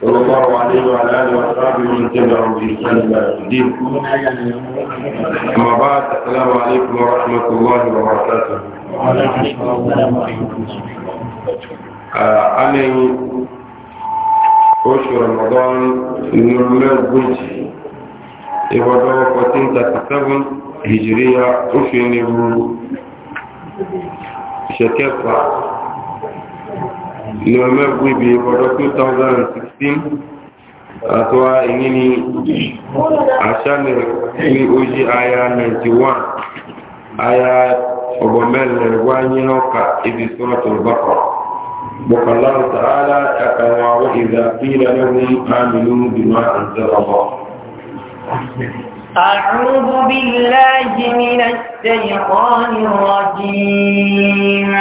صلى الله عليه وعلى اله واصحابه من تبعهم باحسان الى الدين اما بعد السلام عليكم ورحمه الله وبركاته وعليكم السلام ورحمه الله وبركاته oṣù ramadan ìnúlẹ̀ ogójì ìwọ̀dọ̀ 1437 hijiriya oṣù níbu ṣẹkẹfà ni wọ́n mẹ́gbé bí ọdọ́ 2016 àtọ́wà èyí ni àṣánẹ̀ ní ojí aya 91 aya ọgbọ̀mẹ́lẹ̀ wáyé ọkà ibi sọ́rọ̀tọ̀ bọ́kọ̀ bọ́kọ̀láwọ̀ tààlà àkàwọ̀ àwọn ìdàbílẹ̀ lẹ́wọ̀n àmìlú bímọ̀ àǹtẹ̀rọ̀bọ̀ أعوذ بالله من الشيطان الرجيم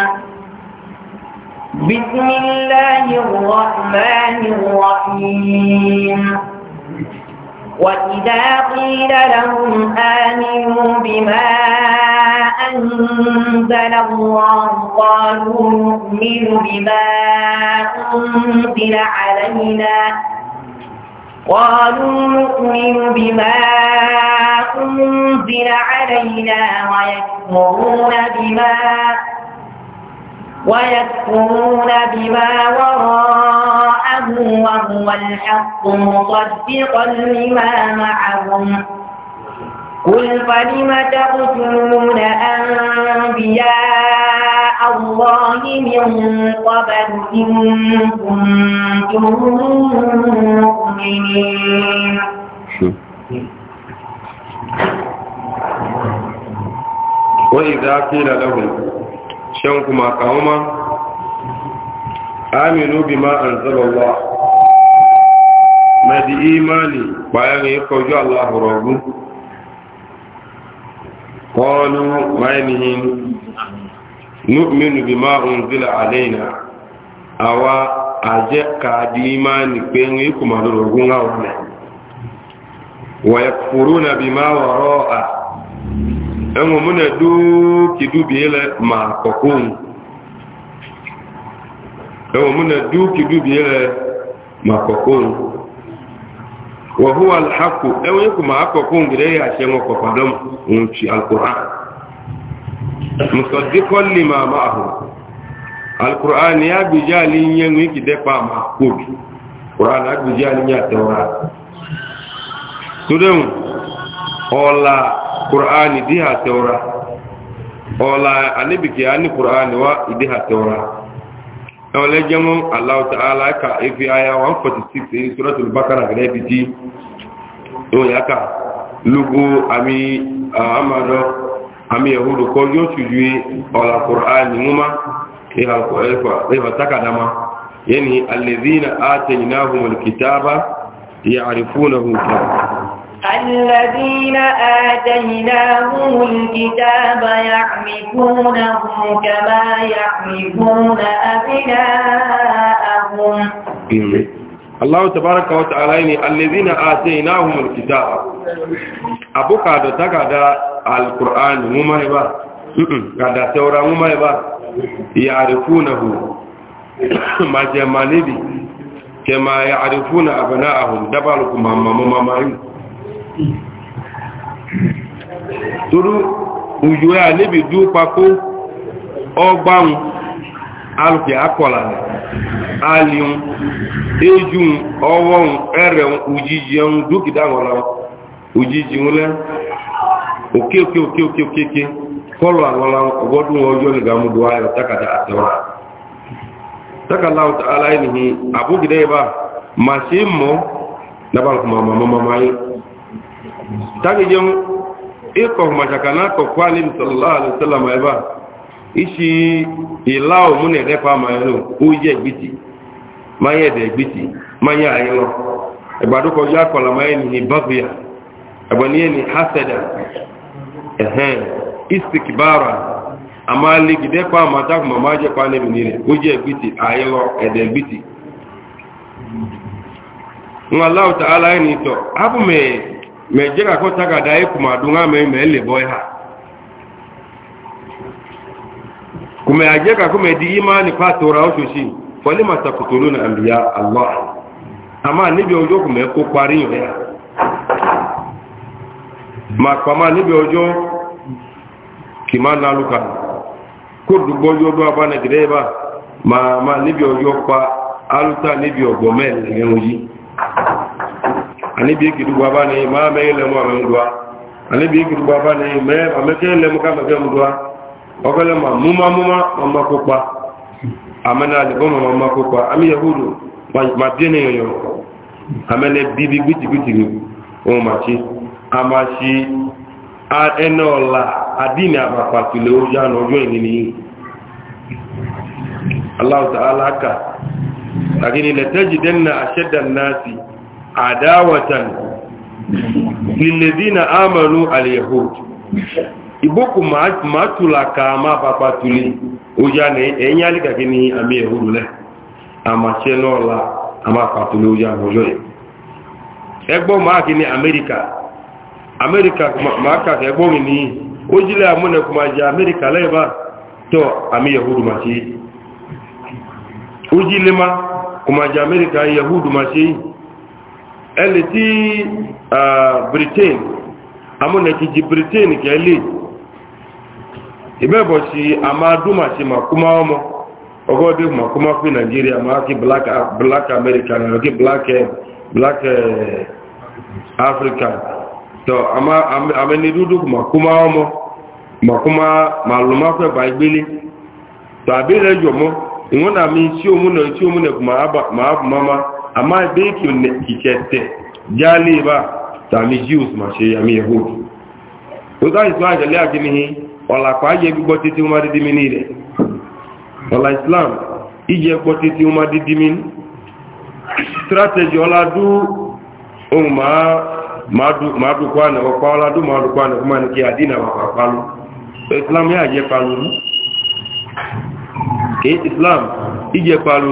بسم الله الرحمن الرحيم وإذا قيل لهم آمنوا بما أنزل الله قالوا نؤمن بما أنزل علينا قالوا نؤمن بما أنزل علينا ويكفرون بما ويكفرون بما وراءه وهو الحق مصدقا لما معهم قل فلم تقتلون أنبياء الله من قبل إن كنتم مؤمنين وإذا قيل لهم can kuma kawoma aminu bi ma an zaba wa na di imani bayan ya kojú allah rogu kọlu mainihin nu'minu bi ma an zila alaina awa aje ka di imani pe yi kuma rogu wa ya furu na bi ma waro a ẹ̀wọ̀n na nẹ̀ dúkìdúbì ma kọ̀kún ẹ̀wọ̀n na nẹ̀ dúkìdúbì ilẹ̀ ma kọ̀kún wọ̀húwà alhaku ẹ̀wọ̀n yíkù ma kọ̀kún gẹ̀rẹ́ yà ṣe wọn kọ̀kọ̀dọ́m ohun ti alkùrán musadikọ́ lè ma máa hù ni a gbèjá pa ma a qur'ani di ha tewra ola anibiki ani qur'ani wa di ha tewra ola jamu allah ta'ala ka ifi aya 146 in suratul baqara gele biji to yaka lugu ami amado ami yahudu ko yo sujui ola qur'ani muma iha qur'ani iha takadama yani alladhina atainahumul kitaba ya'rifunahu kama الذين آتيناهم الكتاب يعرفونه كما يعرفون أبناءهم Allah tabaraka wa ta'ala ne allazina atainahumul kitaba abuka da taka da alqur'ani mu mai ba ga da taura mu mai ba ya'rifunahu ma jamalibi kama ya'rifuna abna'ahum dabalukum mamma mamma toru uju ẹ̀ àlébi dúó pakó ọgbáhun alùpẹ̀ akọ̀là alìun ejùn ọwọ́hun ẹ̀rẹ̀hun òjìjì ẹ̀hun dúkìdá ọ̀la òjìjì lẹ́ òkè òkè òkè òkè òkè kọlọ̀ àwọn ọgbọ́dún ọjọ́ nìgbàmúdù tagi jẹun ikọ̀ màṣàkànà kọ̀ kọ́ alẹ́bí sọ̀lọ́lá àlùsọ́làmù ẹ̀bá iṣi ìlà òmúnẹ̀ ẹ̀dẹ́fà màálù ó yẹ gbìtì máa yẹ ẹ̀dẹ̀ gbìtì máa yẹ àyẹ lọ ẹ̀gbàdúkọ̀ yá kọ̀lá máa yẹ ní bàbíyà ẹ̀gbọ̀nìyẹ ní hasẹ̀dà ẹ̀hẹ́n istikbara àmà alẹ́gidẹ́fà màtàkùn màmá jẹ́ kọ́ alẹ́bí nílẹ̀ ó yẹ gbìtì àyẹ lọ ẹ̀dẹ̀ gbìtì ń aláwọ̀ tààlà ẹni tọ̀ ábùmẹ̀ẹ́ mɛ dze kakɔ tagada yi kuma do ŋa mɛ mɛ le bɔ yi ha kume adze kakɔ mɛ di ima ni tora o sosi fɔli ma ta kotolo na anbiya allah ama níbi ɔjɔ kumɛ kó kpari yɔ ma kpama níbi ɔjɔ kìma nalu kan kó dugbɔ yɔ do aba ne gɛrɛ ma ma níbi ɔjɔ kpa aluta níbi ɔgbɔ mɛ lɛgɛ ŋo yi. anibi gidi baba ne ma me le mo me ndua anibi gidi baba ne me ameke le mo ka me ke ndua okele ma muma muma mama kokpa amena le bo mama kokpa ami yahudu ma ma dene yoyo amene bibi biti biti o ma chi ama chi a enola adini abapa ti le oja na ojo enini Allah ta'ala ka lakini latajidanna ashadda an-nasi adawatan lilladhina amanu alyahud iboku matula kama papa tuli ojane enyali kakini ami yahudu le ama chenola ama patuli ojane ojoye egbo ma kini america america ma ka egbo ni ojile amune kuma ja america leba to ami yahudu machi ma kuma ja america yahudu ẹni tí britain amúnẹ̀kì jí britain kẹ́lẹ̀ ìbẹ́bọ̀ sí a máa dúmà sí makuma ọmọ ọgọ́dé makuma fún nigeria máa kí black, black america eh, náà kí black, black uh, eh, africa tọ́ makuma ọmọ makuma maluma fẹ́ bá gbélé tàbí rẹ̀ ìwọ́n náà mi tí òmúnẹ̀ tí òmúnẹ̀ kò máa bá máa amma bai ki kicette jali ba tàbí jews ma ṣe yàmí yahoo ó sáà ìsúná àjẹlẹ́ àjẹmíhì ọ̀là pa ayé gbígbọ́ títí ó má dídí mi ní ilẹ̀ ọ̀là islam ìjẹ gbọ́ títí ó má dídí mi ní strategy ọ̀làdú ohun máa dùkú àná ọ̀pá ọ̀làdú máa dùkú àná fún mani kí àdínà wà pàpàlú islam yà jẹ́ pàlú kí islam ìjẹ pàlú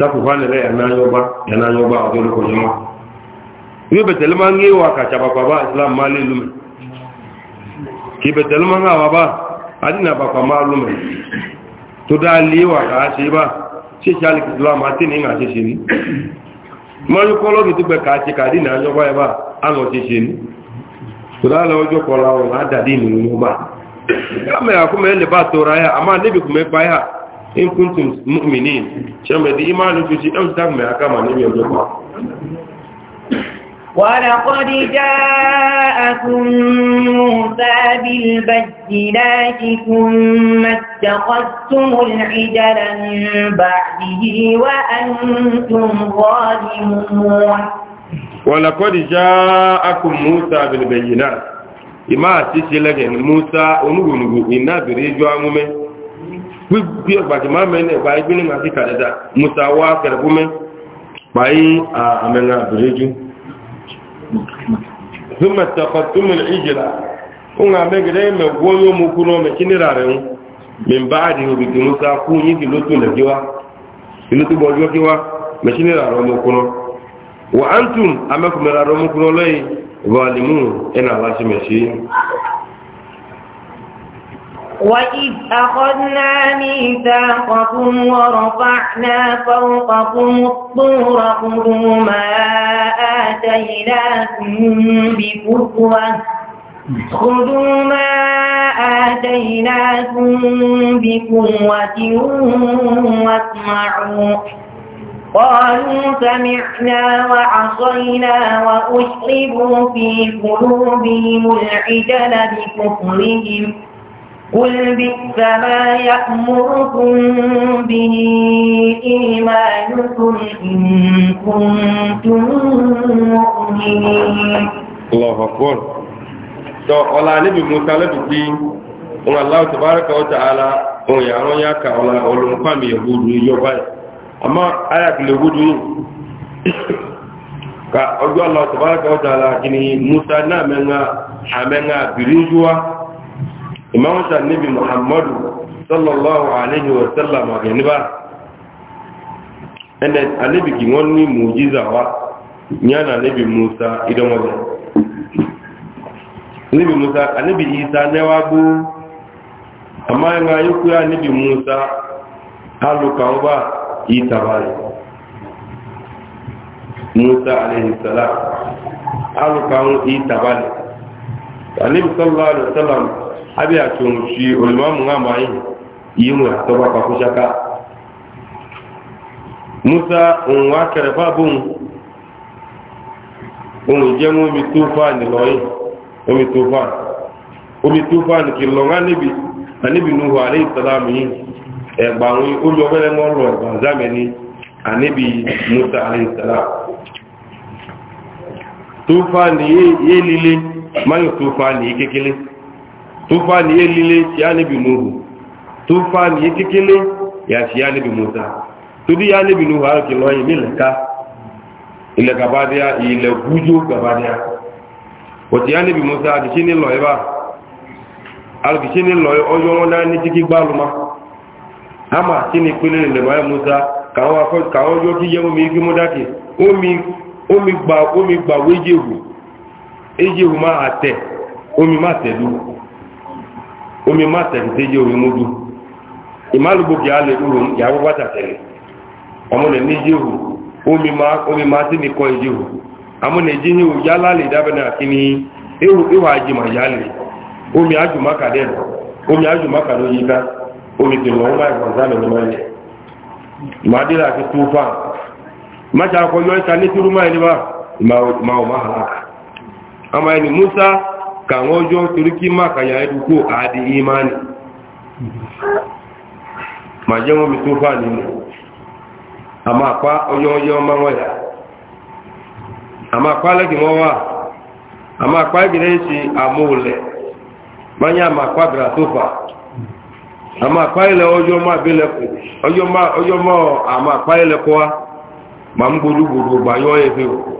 takwụkwa na-ere ya n'anya ụgba ya n'anya ụgba ọgụlụkwụnyụma ihe betelema nga ịwa kacha ba islam ma lelume ka ha wa ba adị na bakwa ma lume tụda wa ka ha chee ba chechi alik islam atị na ịṅa chechiri mmanya kọlọ gị tugbe ka achị ka adị na anya ụgba ebe a aṅụ chechiri tụda ala ọjọọ kọlọ ahụ na adadị na ụgba ya mere akwụ ma eleba atụra ya ama kume kpa ya in kuntum mu'minin chambe di imanu tuti au dagme akama nabi mjoma ولقد جاءكم موسى بالبينات ثم اتخذتم العجل من بعده وأنتم ظالمون ولقد جاءكم موسى بالبينات إما تسلق موسى ونغنغ إنا بريجوا ممن bí ọgbàjì máa mẹ́rin ẹgbà ìgbìnrin àti kàdẹ̀dà musa wá kẹrẹ̀gúnmẹ́ pàáyí àmẹ́rin àbìrẹ́jú zúmẹ̀tẹ̀kọ̀túnmìn ìjìlá fún àmẹ́gẹ̀rẹ́ mẹ́gbọ́ yóò mú kúrò mẹ́kí nírà na وَإِذْ أَخَذْنَا مِيثَاقَكُمْ وَرَفَعْنَا فَوْقَكُمُ الطُّورَ خُذُوا مَا آتَيْنَاكُمْ بِقُوَّةٍ خذوا ما آتيناكم بقوة واسمعوا قالوا سمعنا وعصينا وأشربوا في قلوبهم العجل بكفرهم قل بئس ما يأمركم به إيمانكم إن كنتم مؤمنين الله أكبر so ọlá níbi musa lẹ́bìtì ohun aláwọ̀ tàbárakà ọjà ala ohun ìyàwó ya ka ọlá olùmọ́pàmì ẹ̀gbọ́dù yọ báyìí ka ọjọ́ aláwọ̀ ala imamata nabi muhammadu sallallahu alaihi wa sallam agani ba ẹnẹ anabi kì wọn ní mùjíza wa nyana nabi musa idanwọlẹ nabi musa anabi isa nẹwa gbó àmà ẹnà ayókù ya nabi musa alùkàwọn bá isa báyìí musa alaihi salam alùkàwọn isa báyìí anabi sallallahu alaihi wa abia tumshi ulimamu ngamba hii yimwe toba kwa kushaka musa unwakere babu unjemu mitufani loyi umitufani umitufani kilonga nibi anibi nuhu alayhi salam yi egbanwi omi obere mọrọ ẹgbọn zamani anibi musa alayhi salam tufani ye lile mayo tufani kekele tufani ye lile ti anabi nuhu tufani ye kekele ya ti anabi musa tudi anabi nuhu ha lọ loyin mi ilẹ̀ gabadia ile gujo gabadia ọ ti anabi musa ki chini lo eba al ki chini lo ama ka wa ko ka ojo ki yemu mi ki omi omi gba omi ma omi ma tedu omi má tẹ̀kùté jẹ́ omi múdú ìmálùgbòkè alẹ́ òhun ìyàwó bàtà tẹ̀lẹ̀ ọmọlẹ̀ ní jéhù omi má sí ní kọ́ ìjéhù amúnẹ̀ jíhù yálà lè dábẹ́nà kí ni ihò àjìmọ̀ yálẹ̀ omi ájùmákàdẹ́ omi ájùmákàdẹ́ yíká omi tẹ̀lẹ̀ ọmọ ìgbọ̀nsálẹ̀ ní mọ́lẹ̀ ìmádìlá àti túfà ìmájà akọyọ ìta ní túrúmọ́ ẹni wá ìmá ọmọ àhàlá musa kàwọn ọjọ́ torí kí má kàyà ẹdùkú àádì ìmáni ma jẹ́ wọn mi tó fà nínú a máa pa ọjọ́ ọjọ́ máa wọ́n yà a máa pa lẹ́kì wọ́n wà a máa pa ìgbìlẹ̀ ṣe àmóòlẹ̀ má yá a máa pa bìrà tó fà a máa pa ilẹ̀ ọjọ́ máa bílẹ̀ ọjọ́ máa àmà pa ilẹ̀ kọ́ wa ma ń gbodúgbodò gbàyọ́ ẹ̀fẹ́ o.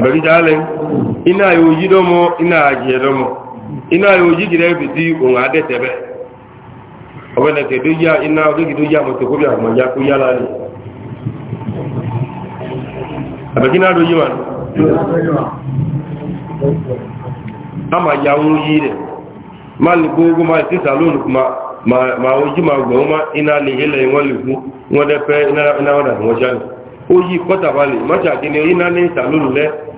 àbẹ̀rí jálẹ̀ iná yóò yí dọ́mọ́ iná ina dọ́mọ́ iná yóò yí gìrẹ́ fi sí òun àdẹ́tẹ̀bẹ̀ ọ̀bẹ̀lẹ̀kẹ̀ tó yá iná ọdún tó yá mọ̀tò kóbi àmọ̀já kó yá lálẹ́ náà ló yí ya ń yí rẹ̀ má lè gbogbo má sí sàlónù ma ojú ma gbọ̀n má iná lè hílẹ̀ wọ́n lè fún wọ́n dẹ́fẹ́ iná wọ́n dà wọ́n jáde ó yí kọ́tà balẹ̀ má ṣàkíní iná ní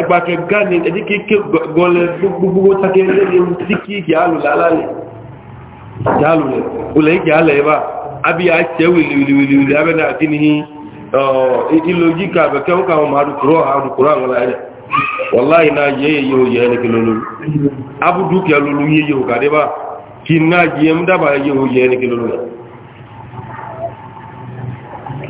ẹgbàkẹ gani ẹjí kéèké gọlẹ gbogbo takẹ lẹ́yẹ tí kí kí alùlẹ̀ alálẹ̀ jálùlẹ̀ olè kí alẹ̀ ẹbá abíyà ka wìlìwìlìwìlì abẹ́nà àti ní ìlòjíkà bẹ̀kẹ́ ó kàwọn àdùkúrọ̀ àdùkúrọ̀ àwọn alẹ́ wọ́láyìn náà yẹ́ yẹ́ abúdúkẹ́ kí náà dábàá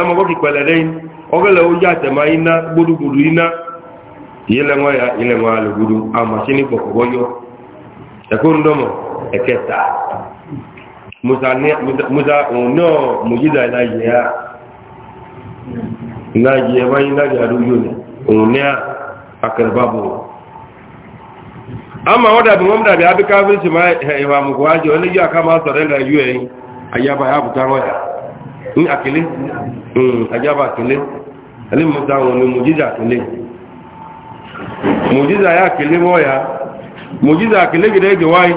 amagoki kwelere ogele oyi atema ina gburugburu ina ile ya ile nwa alugburu amachini kpọkọbọyo ekundomo eketa musa ya ilaje wa ilaje aruyo ne one a akarbabu ama wọ́n dàbí máa ẹlẹ́yìn ẹ̀yìn ayaba ya wọ́n yà ní àkílé um, àjábà àkílé alímọ̀ta wọn ni mojiza àkílé mojiza ya àkílé wọ́ya mojiza àkílé gẹ̀dẹ́ gẹ̀wáyé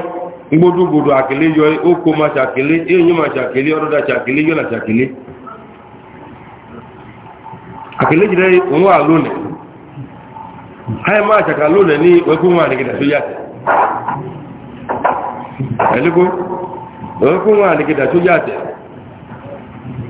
gbódúgbòdò àkílé yọ ókó ma ṣàkílé èyí ma ṣàkílé ọdọ́dá ṣàkílé yọ́nà ṣàkílé àkílé gẹ̀dẹ́ òun wà lónìí ayé máa ṣàkà lónìí ní ẹkún wà ní gẹ̀dẹ́ tó yàtẹ̀ ẹ̀lẹ́gbó ẹkún wà ní gẹ̀dẹ́ tó yàtẹ̀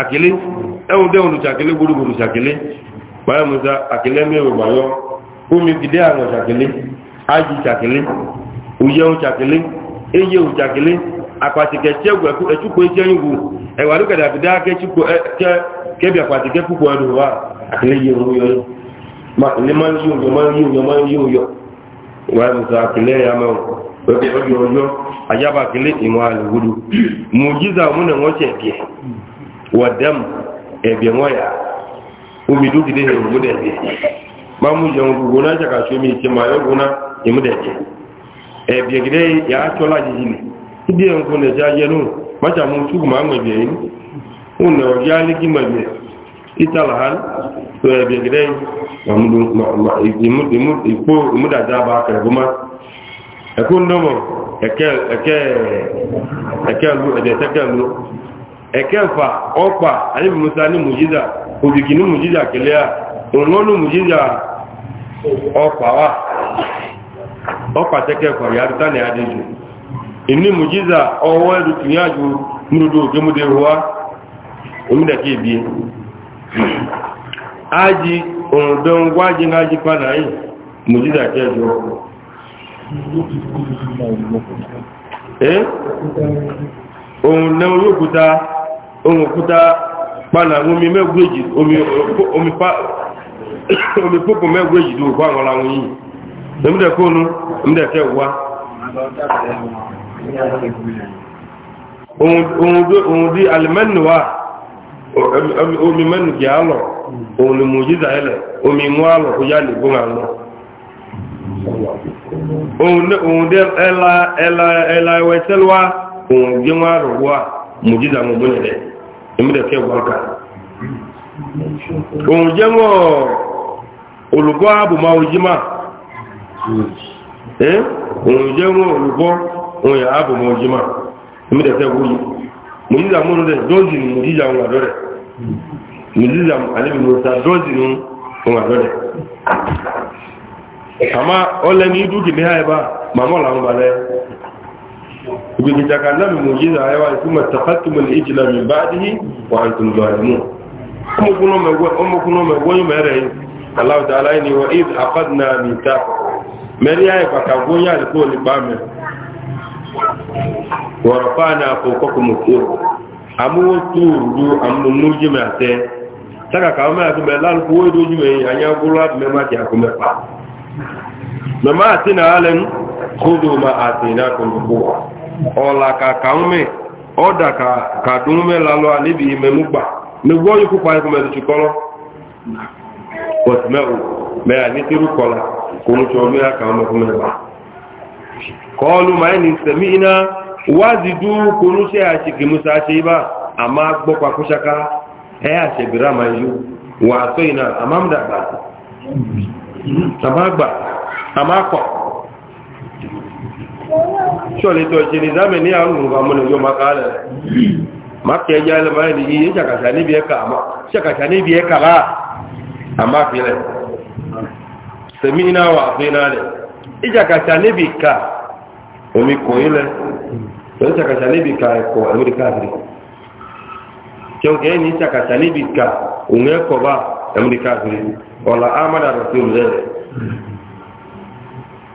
àkílé ẹwùn dẹ́wùn ṣàkílé gbogbo ṣàkílé báyẹ̀ musa àkílé mẹ́wẹ̀ báyọ́ omi gidé àwọn ṣàkílé ájì ṣàkílé òyẹun ṣàkílé eyẹun ṣàkílé àpàtìkẹ̀ ṣẹ́gun ẹ̀túkọ̀ ìṣẹ́yìnwó ẹ̀wà lókàdà àti dákẹ́ kẹ́bí àpàtìkẹ́ púpọ̀ ẹnu wa àkílé yẹun yọ ní máa ma wadam ebe nwaya omi dúkìdé ní ìmúdẹ̀dẹ̀ máa mú jẹun gbogbo náà ṣàkàṣọ omi ìṣe máa yọ gbóná ìmúdẹ̀dẹ̀ ẹ̀bẹ̀ gidẹ́ yà á tọ́lá jìjì nì ìdí ẹ̀ ń ma ẹ̀ṣẹ́ ajẹ́ nù máṣà mú túkù máa mọ̀ ẹ̀bẹ̀ yìí ó ẹ̀kẹ́fà ọ̀pà alẹ́bìmọ́ta ní mùjíza òjìkì ní mùjíza kẹlẹ́ à òun ní mùjíza wà ọ̀pà tẹ́kẹ́fà yàrítà ní adéjù ìní mùjíza ọwọ́ ẹ̀rù tìyàjú múrùdó ògémúdé wá náà yóò kúta ohun òkúta pàna omi mẹ́gbẹ́ èjì omi púpọ̀ mẹ́gbẹ́ èjì ló àwọn àwọn yìí ẹmúdẹ̀ kónú ẹmúdẹ̀ tẹ́ wá ohun dí alìmẹ́nu wá omi mẹ́nu jẹ́ alọ, ohun ni mo yíza ẹlẹ̀ omi mú àlọ̀ kó yá ohun dẹ́ ẹla ẹwẹ́ tẹ́lwá ohun jẹ́ wọ́n àrọ̀ wá mo mo mú ìmúdẹ̀kẹ́ wọ́nká òun jẹ́ wọ́n olùgbọ́ ààbùmá ojímá òun jẹ́ wọ́n olùgbọ́ òun yà ààbùmá ojímá ìmúdẹ̀kẹ́ wọ́yí mùjíza mú rẹ̀ dọ́ọ̀dì ní mùjíza òun àdọ́rẹ̀ mùjíza alẹ́bí mùsà dọ́ọ̀dì ní òun àdọ́rẹ̀ àmá ọlẹ́ni dúkìá ẹ̀bá màmọ́ làwọn balẹ̀ وبيجي تكلم موجزة أيوة ثم اتخذتم الإجل من بعده وأنتم ظالمون أم كنوا مغوي أم كنوا مغوي مري الله تعالى إني وإذ أخذنا ميثاقكم مري أي فكابون يا لكل بامر ورفعنا فوقكم الطور أمو الطور دو أمو موجم أتين taka kawo mẹ́ àti mẹ́lá ló kówó ìdójú mẹ́yìn àyà gbúrú àti mẹ́má ti àkó mẹ́fà mẹ́má àti nà á lẹ́nu kó dùn ma àti ìdá kan gbogbo wa ọla ka ńmẹ̀ ọ̀dà kàdùn ńmẹ̀ lálọ́ níbi ìmẹ̀mú gbà ní wọ́n yóò kópa ẹkùn mẹ́rin tukọ́lọ́ pọ̀tùmẹ́wò mẹ́ra ní tírú kọlá kò ń tọ́ ka kà ọmọkùn mẹ́ra kọlu maini sẹ̀mí musa ṣe sọ̀lẹ̀ tọ̀ jìnì dámẹ̀ ní àrùn nǹkan mọ́nà yóò máa kààlẹ̀ rẹ̀ máa kẹ́ ẹjá ẹlẹ́mà ẹni yìí ṣàkàṣà níbi ẹ̀kà láà àmá fílẹ̀ sẹ̀mí iná wà fínà rẹ̀ ìṣàkàṣà níbi ká omi kò ilẹ̀ pẹ̀lú ṣàkàṣà níbi ká ẹ̀kọ́ ẹ̀wọ́dì káàkiri kẹ́ọ̀kẹ́ ní ṣàkàṣà níbi ká òun ẹ̀kọ́ bá ẹ̀wọ́dì káàkiri ọ̀la ámàdà rẹ̀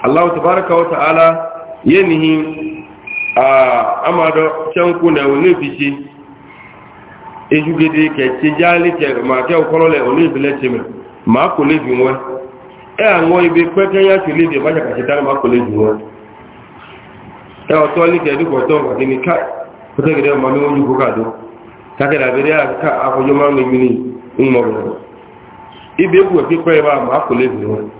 Allah tabaraka wa ta'ala yanihi a amado chanku na onebiji ejugede ke tijali ke ma ke chime ma ko lebi won e awon ibe peke ya ti ma e ka tare ma ko lebi won e o to ni ke du ko to ka ko te gede ma mi won ko ka do ka ke da ya ka afojo ma mi ni mo ibe ku pe pe ma ko won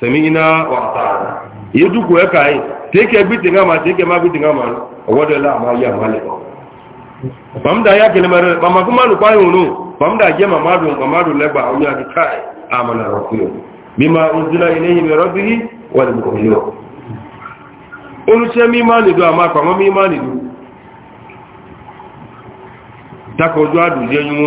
sẹ̀míyìnà wàtà ìyẹ́dùkú ẹ̀ka yìí tẹ́kẹ́ gbìtì ńgá máa tẹ́kẹ́ máa gbìtì ńgá máa ọwọ́dẹ̀ láàmà yà máa lẹ̀ pàmdà yà kẹlẹ̀ mẹ́rẹ̀ màmá kó máa lù pa ìhùn náà pàmdà màmá dùn màmá dùn lẹ́gbà ọyọ́ àti káì àmàlà ilé yìí bí wà nìdú àmà nìdú àdùjẹ́ mú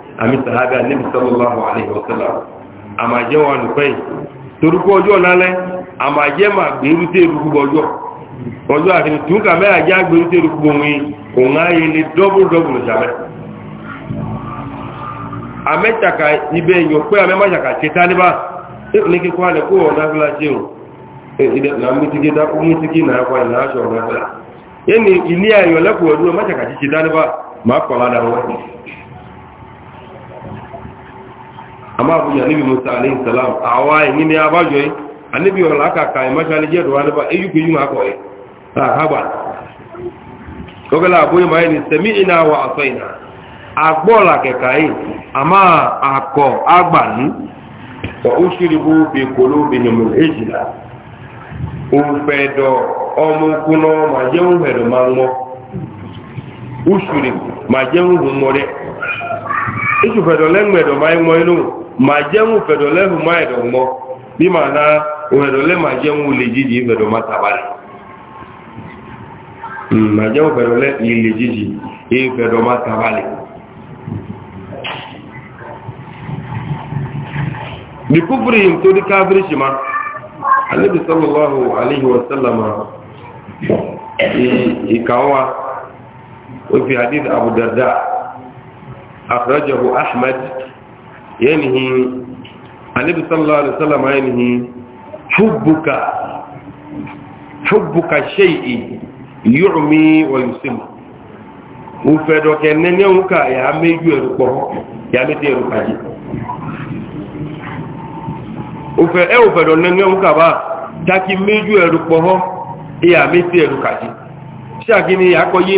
àmì sàhábà níbi sallallahu alaihi wasallam àmàjẹ́ wọn nùfẹ́ yìí torúkọ ọjọ́ lálẹ́ àmàjẹ́ mà gbèrú tẹ́ rúgbọ ọjọ́ ọjọ́ àti túnkà mẹ́ àjá gbèrú tẹ́ rúgbọ wọn kò ń ayé lé dọ́bùl dọ́bùl sàmẹ́ àmẹ́sàkà ibẹ̀ èèyàn pé àmẹ́màsàkà ṣe tálíbà ní kíkọ́ alẹ́ kó ọ̀nà fúlá jẹun na mutiki da ku na ya kwai na ya shawar na fúlá yẹni ilé ayọ̀ lẹ́kọ̀ọ́ ọdún àmẹ́sàkà ṣe tálíbà máa kọ̀ ládàá wọn amma abu ya nabi musa alayhi salam a waye ni ne ya ba joyi annabi wala aka kai mashali je do wani ba ayu ku yuma ko eh ta haba to gala abu ya ni sami'na wa asaina agbola ke kai amma akọ agban wa ushribu bi qulubihim al-ijla ufedo omukuno ma je jeun ma mango ushribu ma je jeun humore Iṣùfẹ̀dọ̀ lẹ́gbẹ̀dọ̀ máa ma mọ inú ma jẹ́mú fẹ̀dọ̀lẹ́ hù má ẹ̀dọ̀ mọ́ bí màá na òfẹ̀dọ̀lẹ́ ma jẹ́mú lè jíjì fẹ̀dọ̀ má tabalẹ̀ ma hmm, jẹ́mú fẹ̀dọ̀lẹ́ ilé jíjì ìfẹ̀dọ̀ e má tabalẹ̀ bí kúfúrì yìí tó dí káfírí ṣì ma alẹ́bí sallallahu alayhi wa sallam ìkàwá ó fi hadith abu darda akhrajahu ahmed yanihi annabi sallallahu alaihi wasallam yanihi hubbuka hubbuka shay'i yu'mi wa yusim ufe do kenne ne uka ya meju erupo ya mete eruka ji ufe e ufe do nne uka ba taki meju erupo ho ya mete eruka ji ṣàkíní akọyé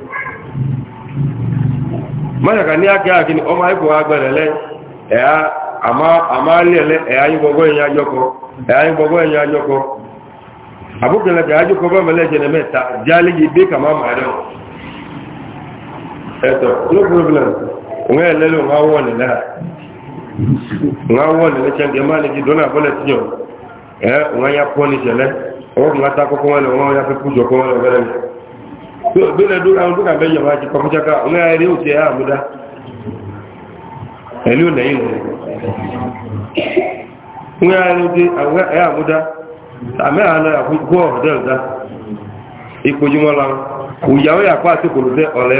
mọ́yà ká ní ákẹ́ àkíní ọmọ ikú agbẹ̀rẹ̀lẹ́ ẹ̀yà àmàlẹ́lẹ́ ẹ̀yà yígbọ̀gbọ̀ ẹ̀yà yọkọ̀ ẹ̀yà yígbọ̀gbọ̀ ẹ̀yà yọkọ̀ àbúkẹ̀lẹ̀ ẹ̀yà yọkọ̀ bẹ́ẹ̀mẹ̀lẹ́ jẹ́ mẹ́ta jálẹ́yìn bí kàmá màdán ẹ̀tọ̀ no problem ǹgá ẹ̀lẹ́lẹ́ ǹgá wọ́n nílẹ̀ ǹgá wọ́n nílẹ̀ máa lè jí dọ́nà àbọ́lẹ̀ tíyọ̀ ẹ̀ ǹgá yá pọ́ níṣẹ̀lẹ̀ ọkùnrin atakọ́kọ́ wọn yá fẹ́ kọ́ wọn gbẹ́lẹ̀ dúra ọdún kàbẹ́ yọ̀wá jù kọfúnṣẹ́ká ọmọ ẹ̀rí òkè àmúdá ẹ̀lú lẹ́yìn rẹ̀ ọmọ ẹ̀rí òkè àmúdá àmẹ́ àná àkókò ọ̀dẹ́ ọ̀dá ìpojúmọ́ la òyàwó yàpá àti kòlùtẹ́ ọ̀lẹ́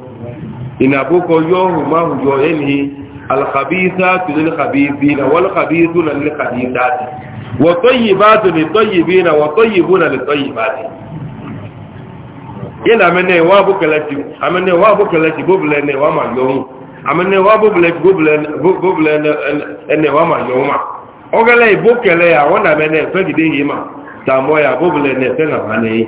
inaboko yohu mahu yo eni alkhabithatu lilkhabithina walkhabithuna lilkhabithati watayyibatu litayyibina watayyibuna litayyibati yena amene wa bukalati amene wa bukalati boblene wa mayomu amene wa boblene boblene boblene ene wa mayoma ogale ibukele ya wona amene fegide yima tamoya boblene tena mane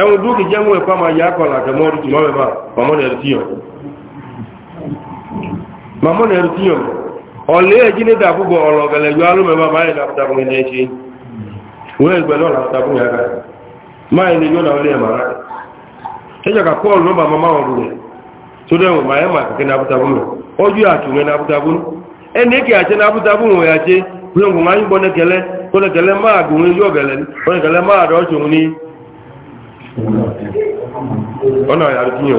ẹ̀wọ̀n dúkì jẹ́ mú ma máa yá kọ̀lá àtẹ̀mọ́ orí tì mọ́mẹ́bà mamọ́nà ẹ̀rù tíyàn mamọ́nà ẹ̀rù tíyàn ọ̀lẹ́ ẹ̀jí ní dàbúgbọ̀ ọ̀lọ̀gẹ̀lẹ̀ yọ alómẹ́bà máa yẹn dàbúgbọ̀ ní ẹ̀ṣẹ́ wọ́n ẹgbẹ̀ lọ́la dàbúgbọ̀ yàgà máa na yọ́nà ọlẹ́ ọ̀nà àyàrá tí yẹn o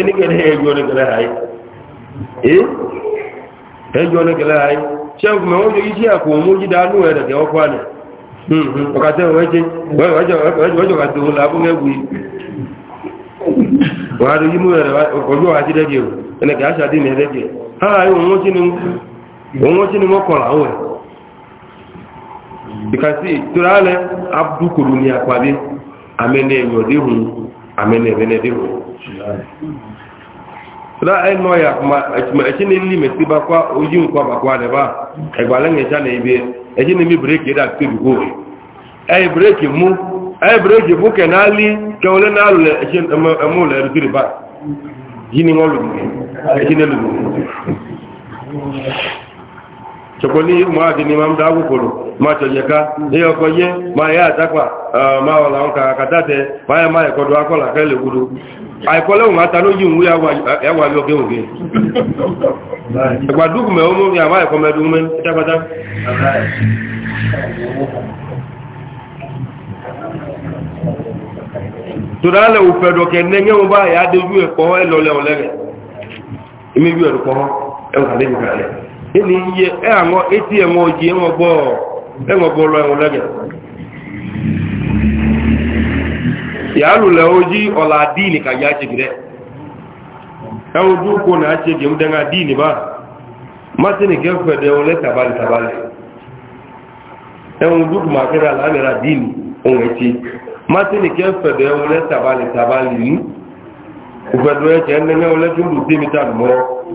ẹnikẹ́ni ẹjọ́ oníkẹ́lẹ́ ayé ẹ́ ẹjọ́ oníkẹ́lẹ́ ayé ṣẹ́gun mẹ́wọ́n yóò yíṣẹ́ ẹ̀kọ́ òun yí dáa lóhùn ẹ̀rẹ̀kẹ́ ọkọ̀ àná ọ̀kàtẹ́ wẹ́jẹ́ wẹ́jọ́ kàtẹ́ òun làbọ́ mẹ́wù yìí amene yo dihu amene bene dihu la en mo ya ma ma chini ni me ti ba kwa oji nkwa ba kwa de ba e gba le nja na mi break da ti go mu e break bu ke na li ke ole na lu mu le sọ̀kọ́ ní mọ́àdì ni ma ń dá kòkòrò ma ṣọ̀yẹ̀ká ní ọkọ̀ yẹ́ ma yẹ́ àtàpà ma ọ̀là ń kàkàtàtẹ̀ ma yẹ ma ẹ̀kọ́dọ̀ akọ́là kẹ́lẹ̀ wúdo àìkọ́lẹ̀ òun àtà ló yí òun yàwà yọ kí òun ẹgbàdúkùnmẹ̀ ọmọ mi àmà ẹ̀kọ́ mẹ́dún mẹ́ pátápátá tòdálẹ̀ òfẹ̀dọ̀kẹ̀ nẹ́gẹ́ wọn bá yà á dé ju ẹ̀kọ́ ẹlọ́lẹ̀ ọ̀lẹ́rẹ̀ ẹni iye ẹ àwọn etí ẹ̀mọ́ ojì ẹ̀wọ̀n gbọ́ ẹ̀wọ̀n gbọ́ lọ ẹ̀wọ̀n lẹ́gẹ̀ yàálù lẹ ojì ọ̀là díìnì kàyà ṣègìrẹ́ ẹ̀wọ̀n dúkò náà ṣègì ń dẹ́ngà díìnì bá mátìnì kẹfẹ̀dẹ̀ ọlẹ́ tàbálì tàbálì ẹ̀wọ̀n dúkò máa kẹ́rẹ́ àlàáfíà díìnì ohun ní tó lù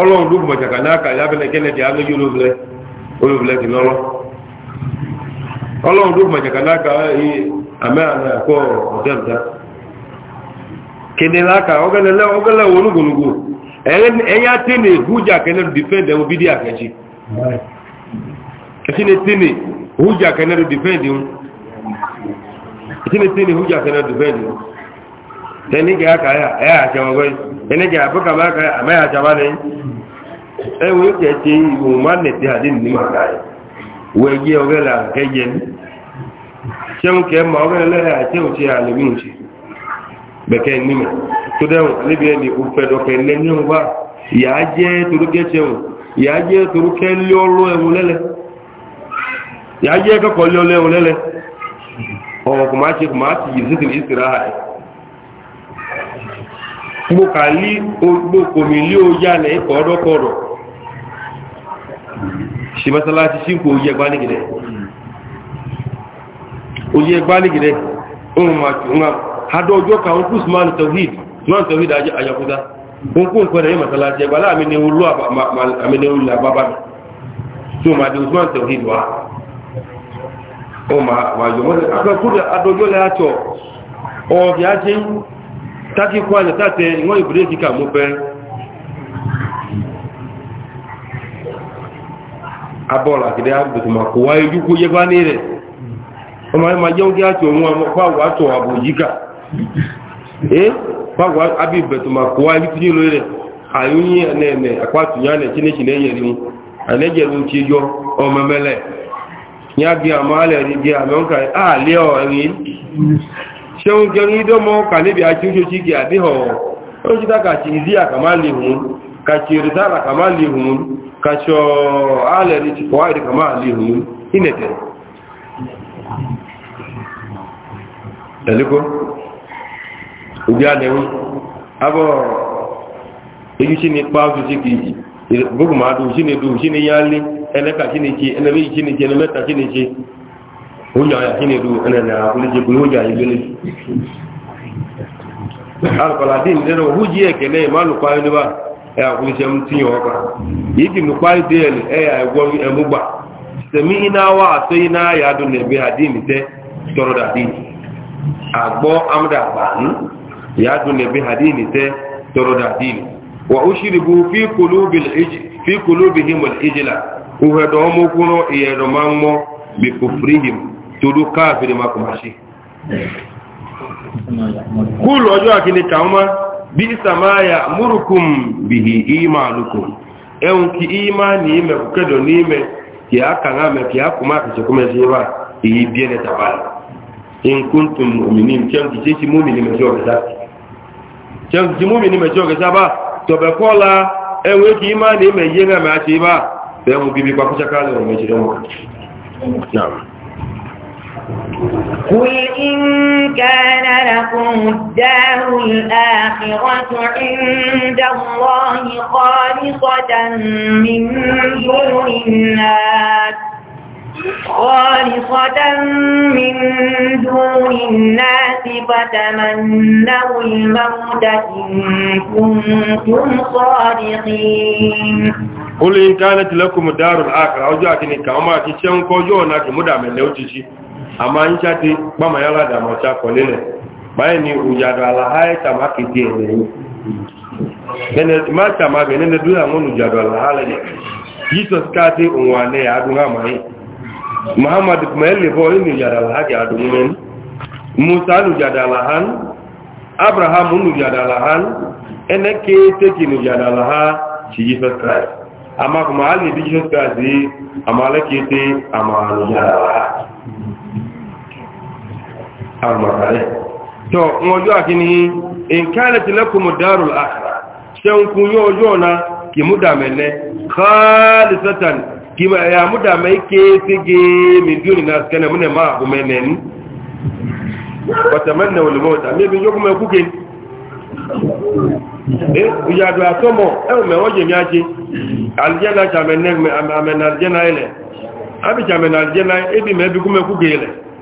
ọlọ́run dúkù mọ̀jàkà ní àkàlẹ́ abẹ́lẹ̀ kẹ́lẹ̀ di alójú ti lọ́lọ́ ọlọ́run dúkù mọ̀jàkà ní àkàlẹ́ yìí àmẹ́ àmẹ́ àkọ́ ọ̀dẹ́mta kéde láka ọgẹ́lẹ̀ ọgẹ́lẹ̀ olúgbòlúgbò ẹ̀yà tẹ́nì hújà kẹ́nẹ́rù dìfẹ́ǹdì ẹ̀wọ̀n bídí àkẹ́jì ẹ̀tíni tẹ́nì hújà kẹ́nẹ́rù dìfẹ́ǹdì aka tẹ́nì hújà kẹ́nẹ́rù dìfẹ́ǹdì ẹnẹ́gẹ̀ àbúkà máa jàmá ní ẹwọ́n yóò kẹ́ẹ̀tẹ́ ìwọ̀n máa nẹ̀tẹ́ àdé nìní màkà ẹ̀ wọ ẹgbẹ́ ọ̀rẹ́ là kẹ́yẹ ní ṣẹ́hun kẹ́ ma ọ̀rẹ́ lẹ́yà àtẹ́hùn ṣe àlèmí ṣe bẹ̀kẹ́ nímẹ̀ tó dẹ́hùn níbi ẹni lẹ́yìn wá ìyá jẹ́ ṣẹ́hùn ìyá jẹ́ lọ́lọ́ lẹ́lẹ́ ìyá jẹ́ lọ́lọ́ lẹ́lẹ́ mo kà lí gbogbo kòmí lé oyá ní ikọ̀ ọdọ́kọ̀ọ̀rọ̀ ṣe mọ́sálásí sí kò oyé ẹgbá O oyé ẹgbá nìgìdẹ́ ohun àti ohun àdó ọjọ́ ka ohun kùsùn máa ń tọ́hìd náà ń tọ́hìd àyàkúta ohun mọ́sálásí ẹgbà láàmì olú àbábá mi tí o máa di wá mọ́sálásí taki kwani tate ìwọ́n ìbúrẹ́sì kà mú pẹ́ abọ́ọ̀lù àti àgbẹ̀tùmọ̀ kò wá ojú kó yẹ bá ní rẹ̀ ọmọ ẹ̀ma jẹun kí á tó wọn fáwọn àtọ̀ àbò yíkà ee fáwọn abẹ́bẹ̀tùmọ̀ kò wá ojú kí nílò rẹ̀ àyóyìn ní àbí ṣeun jẹun idọ́mọ́ kà níbi àti oṣooṣi kì àdíhọ̀ oṣìṣẹ́ kàṣì ìzíyà kàmá lè hùn kàṣì ìrìsára kàmá lè hùn kàṣọ alẹ́rí fọ́wáìdì kàmá lè hùn inẹ̀tẹ̀ ẹ̀lẹ́kọ́ òbí alẹ́wí abọ́ èyí sí ni pa wúnyà ọ̀yà kí ni du ẹnẹ ní àkúlẹ̀jẹ̀ pé wúnyà ìlú ni alùpàládìn nínú wújì ẹ̀kẹ́lẹ́ ìmálùpá yóò níbà ẹ̀ E ń tiyàn ọkà yìí kì mú párí dé ẹ̀ ẹ̀gbọ́ ẹ̀múgbà sẹ̀mí iná wà àtọ́ iná da nẹ̀bí Agbọ tẹ́ tọrọ dàdín àgbọ́ amúdàgbàánú yàdùn nẹ̀bí àdínì tẹ́ tolu káàfìrí ma kò máa ṣe kúlù ọjọ́ àkíní kàúmá bí ìsàmáyà múrùkùn bìhì ìmá lùkùn ẹun kí ìmá ní ìmẹ̀ kẹjọ ní ìmẹ̀ kí a kà náà mẹ́ kí a kò máa kìí ṣekúnmẹ́ sí wà èyí bí ẹni tàbá in kúntùn òmìnir kẹ́m kìí ṣe múmìnir mẹ́jọ ọ̀gẹ́sá kẹ́m kìí múmìnir mẹ́jọ ọ̀gẹ́sá bá tọ̀bẹ̀ kọ́la ẹun kí قل إن كان لكم الدار الآخرة عند الله خالصة من دون الناس خالصة من دون الناس فتمنوا الموت إن كنتم صادقين قل إن كانت لكم الدار الآخرة أو جاءتني كما تشنكو جونك مدام اللي تشي ama ncha ti kpama ya lada ma ọcha kọlile báyìí ni òjàdọ àlàhà ìtàmà kìtì ẹ̀rẹ̀ yìí má tàmà jesus káàtì òun àlẹ́ àdúgbò àmà yìí muhammad mẹ́lẹ̀ bọ́ nínú òjàdọ musa òjàdọ àlàhà abraham òjàdọ àlàhà ẹnẹ kéétèkì òjàdọ àlàhà ti jesus christ àmà kùmà àlè bí jesus christ yìí àmà alẹ́ kéétè àmà òjàdọ àlàhà almakare to ngojo akini in kanat lakum darul akhirah shan kun yojo na ki mudamene khalisatan kima ya mudame ke sige min duni nas kana mun ma gumenen watamanna wal mauta me bi yokuma kuke eh ujadu atomo e me oje mi aje aljana jamene me amena aljana ile abi jamena aljana ebi me bi kume kuke ile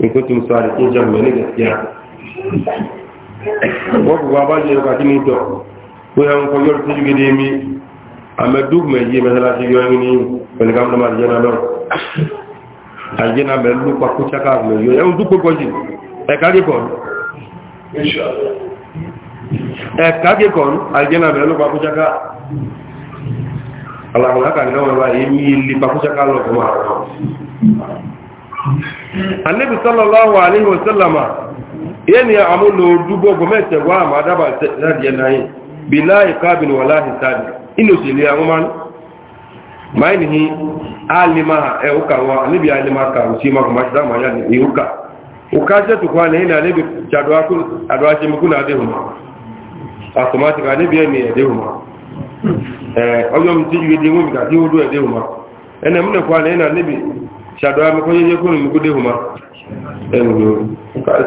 in kuntum sadiqin jamme ne gaskiya wabu ba baje ka kini to ko yan ko yor tuju gidi mi amma duk mai yi masala shi yoyin ni wani kam da ma yana don aljina be lu ko ku chaka me yo yan duk ko ji e ka ge kon inshallah e ka ge kon aljina be lu ko ku chaka Allah ko ka ni no ba yi mi pa ku chaka annabi sallallahu alaihi wasallama yani ya amu no dubo gomete wa ma daba radiya nayi bilahi qabin wala hisabi inu sili amuman mainihi alima e uka wa annabi alima ka usi ma kuma shida ma ya ni uka uka je tu kwa ne annabi chadwa ku adwa je mkuna de huma automatic annabi ni de huma eh oyo mtiji de huma ka di odu de huma ene mne kwa ne annabi shaɗo ya makon yanyan kuma mu gude kuma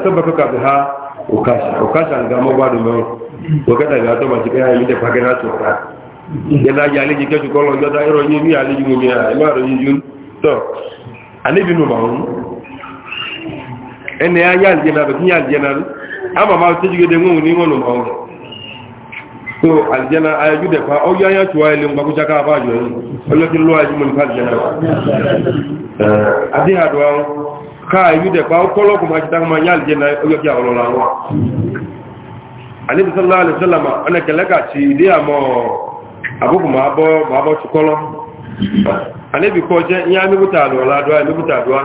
sabbata ka ha okasha okasha ga mo ba do mo ko kada ga to ma ti ya mi de pa kana to ka de la ya le ji ke ko lo yo da ro ni mi ale ji mi ya ma ro ni jun to ani bi no ma on ene ya ya le na be ti ya le na ama ma ti ji de mo ni mo no ma on so aljana aya jude fa o ya ya tuwa ile ngba kuja ka ba jo yi Allah kin lo aji mun fa aljana eh adi ha do ka jude fa o kolo ko ma ta ma ya aljana o ya ya olo wa ani bi sallallahu alaihi wasallam ana kalaka ci ide amo abuku ma bo ma bo ci kolo ani bi ko je ya mi buta do la do mi buta do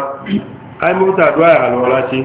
ai mi buta do ya lo la ci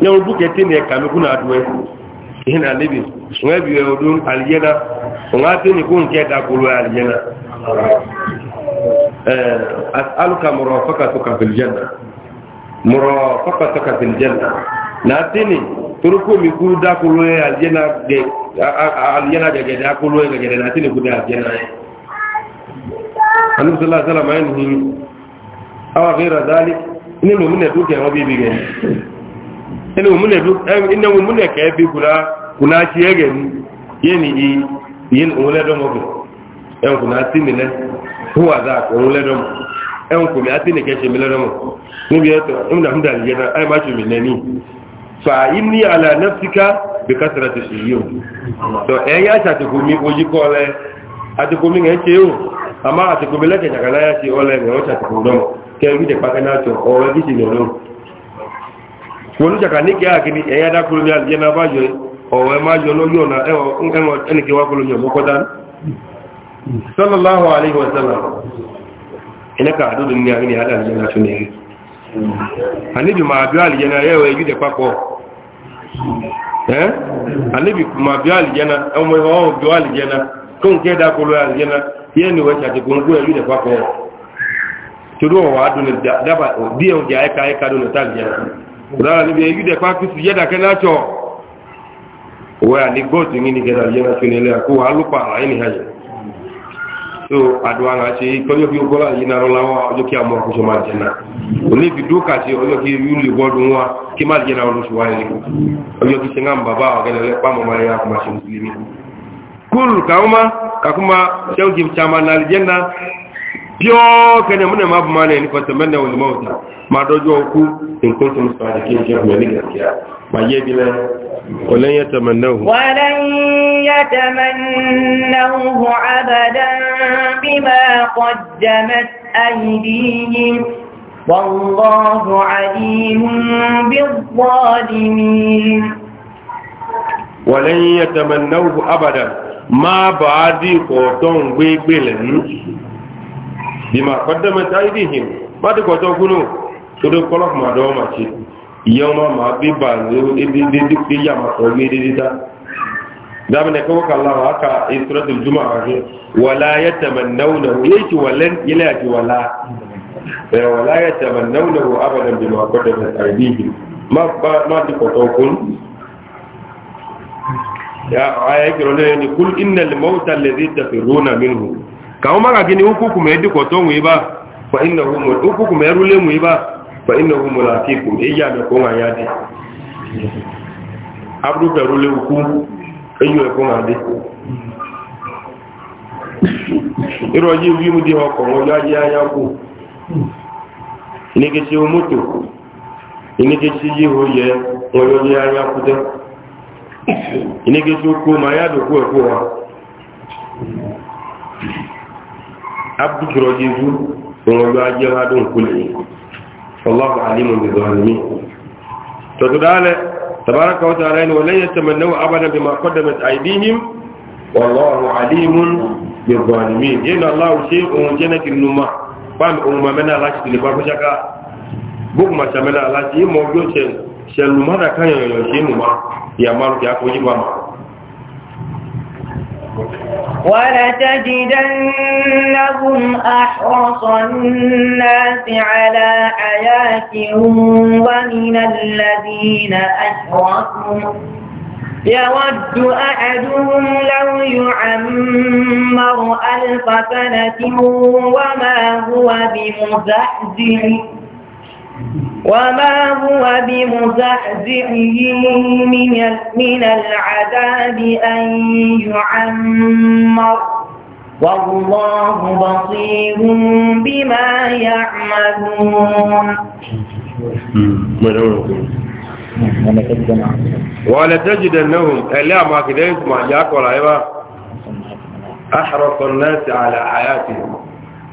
ya o duke tini ya kame kuna aduwe ina nibi nwe biwe odun aljena nwa tini kun ke da kulu aljena eh as'aluka murafaqatuka fil janna murafaqatuka fil janna na tini turuku mi ku da kulu aljena de aljena de da kulu de na tini ku da aljena Annabi sallallahu alaihi wasallam ayin awa ghayra dhalik ni mu'mina duke wa bibi gani ene mu mune ka bi kuna kuna ci yege ni yeni i yin ole do mo ko en kuna ti mi ne huwa za ko ole do en ko mi ati ne ke se ni bi eto na ai ma ci fa inni ala nafsika bi kasrati to e ya ta mi oji ko le ati ko mi nge che ama ati na ya ti ole o ta ke de pa wọn jaka ní kíá kìíní ẹ̀yà dákúrò ní àjẹ́nà bá yọ ọ̀wọ̀ ẹ máa yọ lóyọ̀ náà ẹwọ̀n ẹnìkí wá kúrò yọ mọ́kọ́ dání sallallahu alaihi wasallam ina ka adudu ni agini hada aljanna tun ne anibi ma biya aljanna yawa yi da kwakwa eh anibi ma biya aljanna an mai hawa biya aljanna kun ke da kulu aljanna yeni wacha ti kun ku yi da lára níbi èyí dẹ̀ pa kìsù yẹ́dà kẹ́láàtọ̀ wẹ́ àdígbọ́tì ní nìkẹ́dà yẹ́nà tó nílẹ̀ kó wà lópa àlàyé ní ẹ̀yẹ̀ so àdúrà náà ṣe tọ́jú bí ogọ́lá yìí náà lọ́wọ́ ọjọ́ kí a mọ̀ ọkùnṣọ́ máa jẹ́ náà kò ní fi dókà sí ọjọ́ kí yíò lè gbọ́dún wá kí má jẹ́ náà olóṣù wáyé ní ọjọ́ kí ṣe ń bàbá ọ̀gẹ́lẹ́lẹ́ pàmò máa yá kùmà ṣe mùsùlùmí kúrù kàwọ́má kàkúmà ṣẹ́wọ́n kì í ṣàmà náà lè jẹ́ náà pure kẹ́nẹ̀mọ́nẹ̀ má bùmá náà ní fọ́sẹ̀mẹ́nẹ̀ olùmọ́ta ma dɔjɔ ku in kuntum sadiqin jɛ mɛ ni gaskiya ma ye bi lan walan yatamannahu walan yatamannahu abadan bima qaddamat aydihim والله عليم بالظالمين ولن يتمنوه أبدا ما بعدي قوتون بيبلن بما قدمت أيديهم ما تقوتون كنوه sódò kọ́lọ́ fún àdọ́wọ́ máa ṣe ìyá ọmọ máa bí bà ní yàmà ọgbẹ́ dédé dá dámìnà kọ́kọ́ kàláwà aka ìsúrẹ́tì jùmọ̀ àárín wà láyé tẹ̀mẹ̀ náwùnà yéé ti wà lẹ́yìn àti ẹ̀rọ wà láyé tẹ̀mẹ̀ náwùnà ni kúl iná lèmọ́ta lèdí tẹ̀fẹ̀ rúnà mínú kàwọn má kàkí ni ó kúkú mẹ́ẹ́dì fa iná hùmọ̀ ó kúkú mẹ́ẹ́rú lé فإنه ملاقيكم إيجا مكونا يادي عبد برولي وكم إيجا مكونا يادي irọ́ yìí wí mú di ọkọ̀ wọn yá yá yá kú ìníkẹ́sí omótò ìníkẹ́sí yìí ó yẹ wọn yọ yá yá kú tẹ́ ìníkẹ́sí okó ma yá dòkú ẹ̀kọ́ wa abdul rọ́jì wú wọn yọ ajẹ́ wallahu alimun bi zalimin to tudale tabaraka wa ta'ala ni walan yatamannu abadan bima qaddamat aydihim wallahu alimun bi zalimin yana allah shay'un janakin numa bam umma mana la shi ba ku shaka buk ma shamela la shi mo yo chen chen numa da kan yo shi numa ya maru ya ko yi ba ma ولتجدنهم أحرص الناس على حياة ومن الذين أشركوا يود أحدهم لو يعمر ألف سنة وما هو بمزحزح وما هو بمزحزحه من من العذاب أن يعمر والله بصير بما يعملون ولا تجد أنهم ألا ما كده يسمع جاك ولا أحرص الناس على حياتهم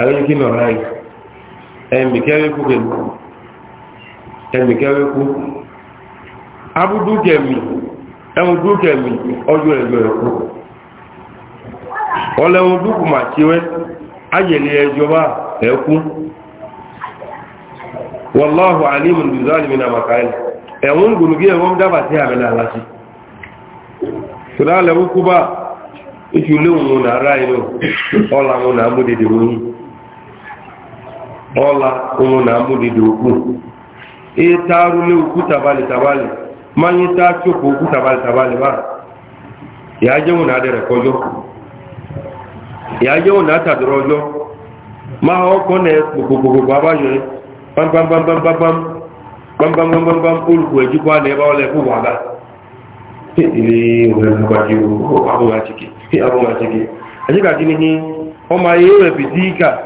àwọn kí nọ ráyì ẹ̀mì kẹ́wẹ́kú kẹ́mì ẹ̀mì kẹ́wẹ́kú abúdú kẹ́mì ẹ̀hùn dú kẹ́mì ọjọ́ ẹ̀jọ́ ẹ̀kú ọlẹ́hùn dúkù mà tiwẹ́ ayẹ̀lẹ̀ ẹjọ́ bá ẹ̀kú wọláhù alimu ndùzọ́lì mi nà dábà sí àmì náà láti lẹ́wọ́kú bá náà ọ̀làwọn wọ́n yìí ọla ụmụ na amụli dị ukwu ihe taarule ukwu tabali tabali manye taa chụpụ ukwu tabali tabali ma ya jenwu na adịrị kọjọ ya jenwu na atadịrị ọjọ ma ha ọkọ na kpokpokpokpo abayọ kpamkpamkpamkpamkpam kpamkpamkpamkpam olùkọ ejikwa na ebe ọla ekwu wada achịka gịnị ọma ihe wepụta ike a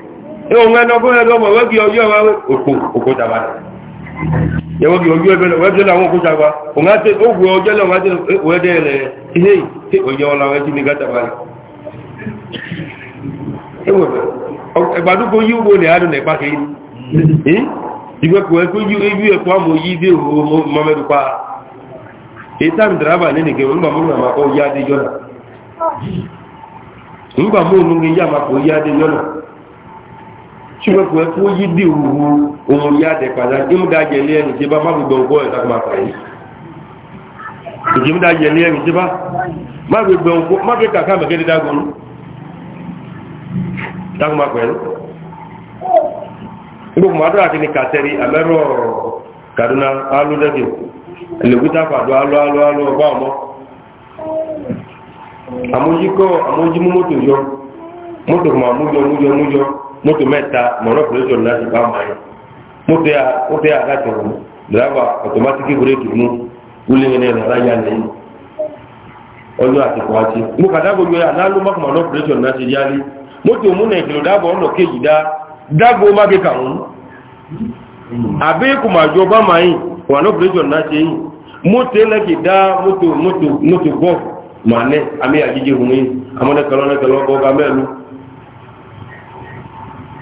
e nga nọgbọ ya gbọmọ wẹbi ọjọ wa oko oko daba yẹwọ bi ọjọ ẹgbẹ wẹbi ọjọ àwọn oko daba ọ̀nà tẹ ogun ọjọ náà wájú wẹdẹ rẹ ewu ẹ̀kọ́ yí dé mọ́mẹ́rù pa ìtàn dìrábà ṣùgbọ́n kò kó yí dì wù òun yá dẹ̀ padà ìmúdájẹ ilé ẹni tí bá má gbogbo ògbó ẹ̀ láti máa fàyè ìjìmúdájẹ ilé ma tí bá má gbogbo ògbó má gbé kàkà mẹ́kẹ́dẹ́ dágún dágún máa pẹ̀lú gbogbo ka kaduna moto mẹ́ta mọ̀nọ́pọ̀lẹ́sọ̀ láti bá máa yẹ moto yà láti rùn dìrábà ọ̀tọ̀mátìkì bírèkì mú wúlẹ̀ẹ́nẹ́ ìrọ̀lá yà lẹ́yìn ọjọ́ àtìkọ́ àti mo kàdágbò yọ àlálù mọ̀nọ́pọ̀lẹ́sọ̀ láti yálé moto múnà ìkìlọ̀ dábọ̀ ọ̀nà kejì dá dágbò mágé kàrún àbí kò máa jọ bá máa yìn mọ̀nọ́pọ̀lẹ́sọ̀ láti yìn moto lẹ́kì dá moto moto moto gọ́ọ̀fù màánẹ́ àmì àjíjẹ́ òun yìí amọ́nẹ́kẹ́lọ́nẹ́kẹ́lọ́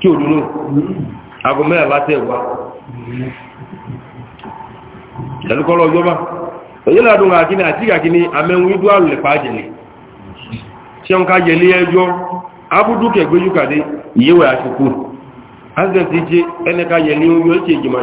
tí òdúnú aago mẹ́rin láti ẹ̀wà ẹ̀lúkọ́lọ́ ọjọ́bá òyìn ládùn àkíní àti àkíní amẹ́hun idú àrùlẹ̀ pàájẹ̀lẹ̀ tí wọ́n ká yẹlé ẹjọ́ abúdú kẹgbéjúkàdé ìyẹ́wẹ̀ àṣìkú asibẹ̀tì jẹ́ ẹnẹ́ká yẹlé oyún ẹ̀ṣẹ̀ ìjìmọ̀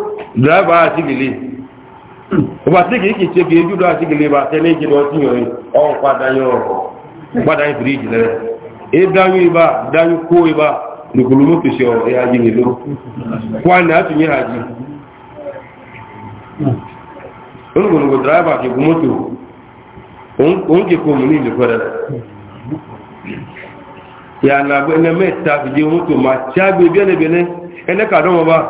dìráìbà àti gèlè ọba tí kìí kìí ṣe gèlè jùlọ àti gèlè bá tẹ́lẹ̀ ìjìnlẹ̀ ọtí yọrin ọ̀n padà yọ padà yìí fìdí ìjìnlẹ̀ e dáyú ibà dáyú kó ibà nìkùlù mú fèsì ọ̀ ẹ̀ ajé àjì olùgbòlùgbò kìí mọ́tò òun kìí kó mi ní ìlú pẹ́rẹ́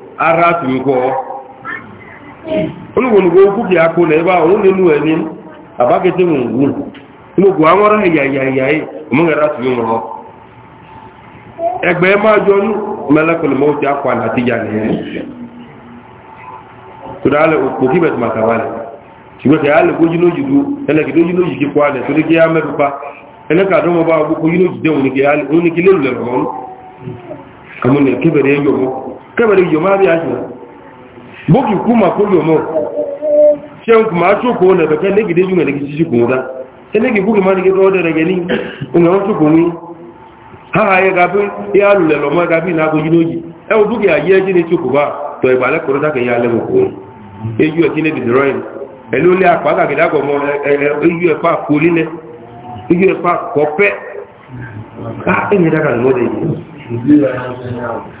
ara tụrụ kwọ onugbonugo okwu gị akụ na ebe ahụ onye nu enyi abakete m ngwu ngwogwu anwụrụ ha ya ya ya omeghara tụrụ nwụrụ egbe ma jọ melekụlụ ma otu akwa na ya na ya tụrụ ala okpo kibet maka ya ya kẹ́ alẹ́gbó yínú òjìdú ẹlẹ́gìdó yínú òjìdí kọ́ alẹ́ tó ya kí á mẹ́fífá ẹlẹ́kàdọ́mọba ọgbọ́kọ́ yínú kẹ́bẹ̀rẹ̀ yìí máa rí àṣìlá bókì kú ma kó yòmọ́ ṣeun kù máa ṣòkò ọ̀nà ẹ̀bẹ̀kẹ́ lẹ́gìdé jù ẹ̀lẹ́gì ṣíṣì kò dá ẹlẹ́gì bókì máa nígbẹ́ ọdẹ rẹ̀ gẹ̀ní òun àwọn ṣòkò wí ha ayé gabí ya lulẹ̀ lọ́mọ́ gabí ní agojú lójì ẹ o dúkìá yẹ ní ṣòkò bá tọ ìgbàlẹ̀ kọ̀rọ̀ ya lẹ́mọ̀ kò ejú ẹ̀ kílẹ̀ dìde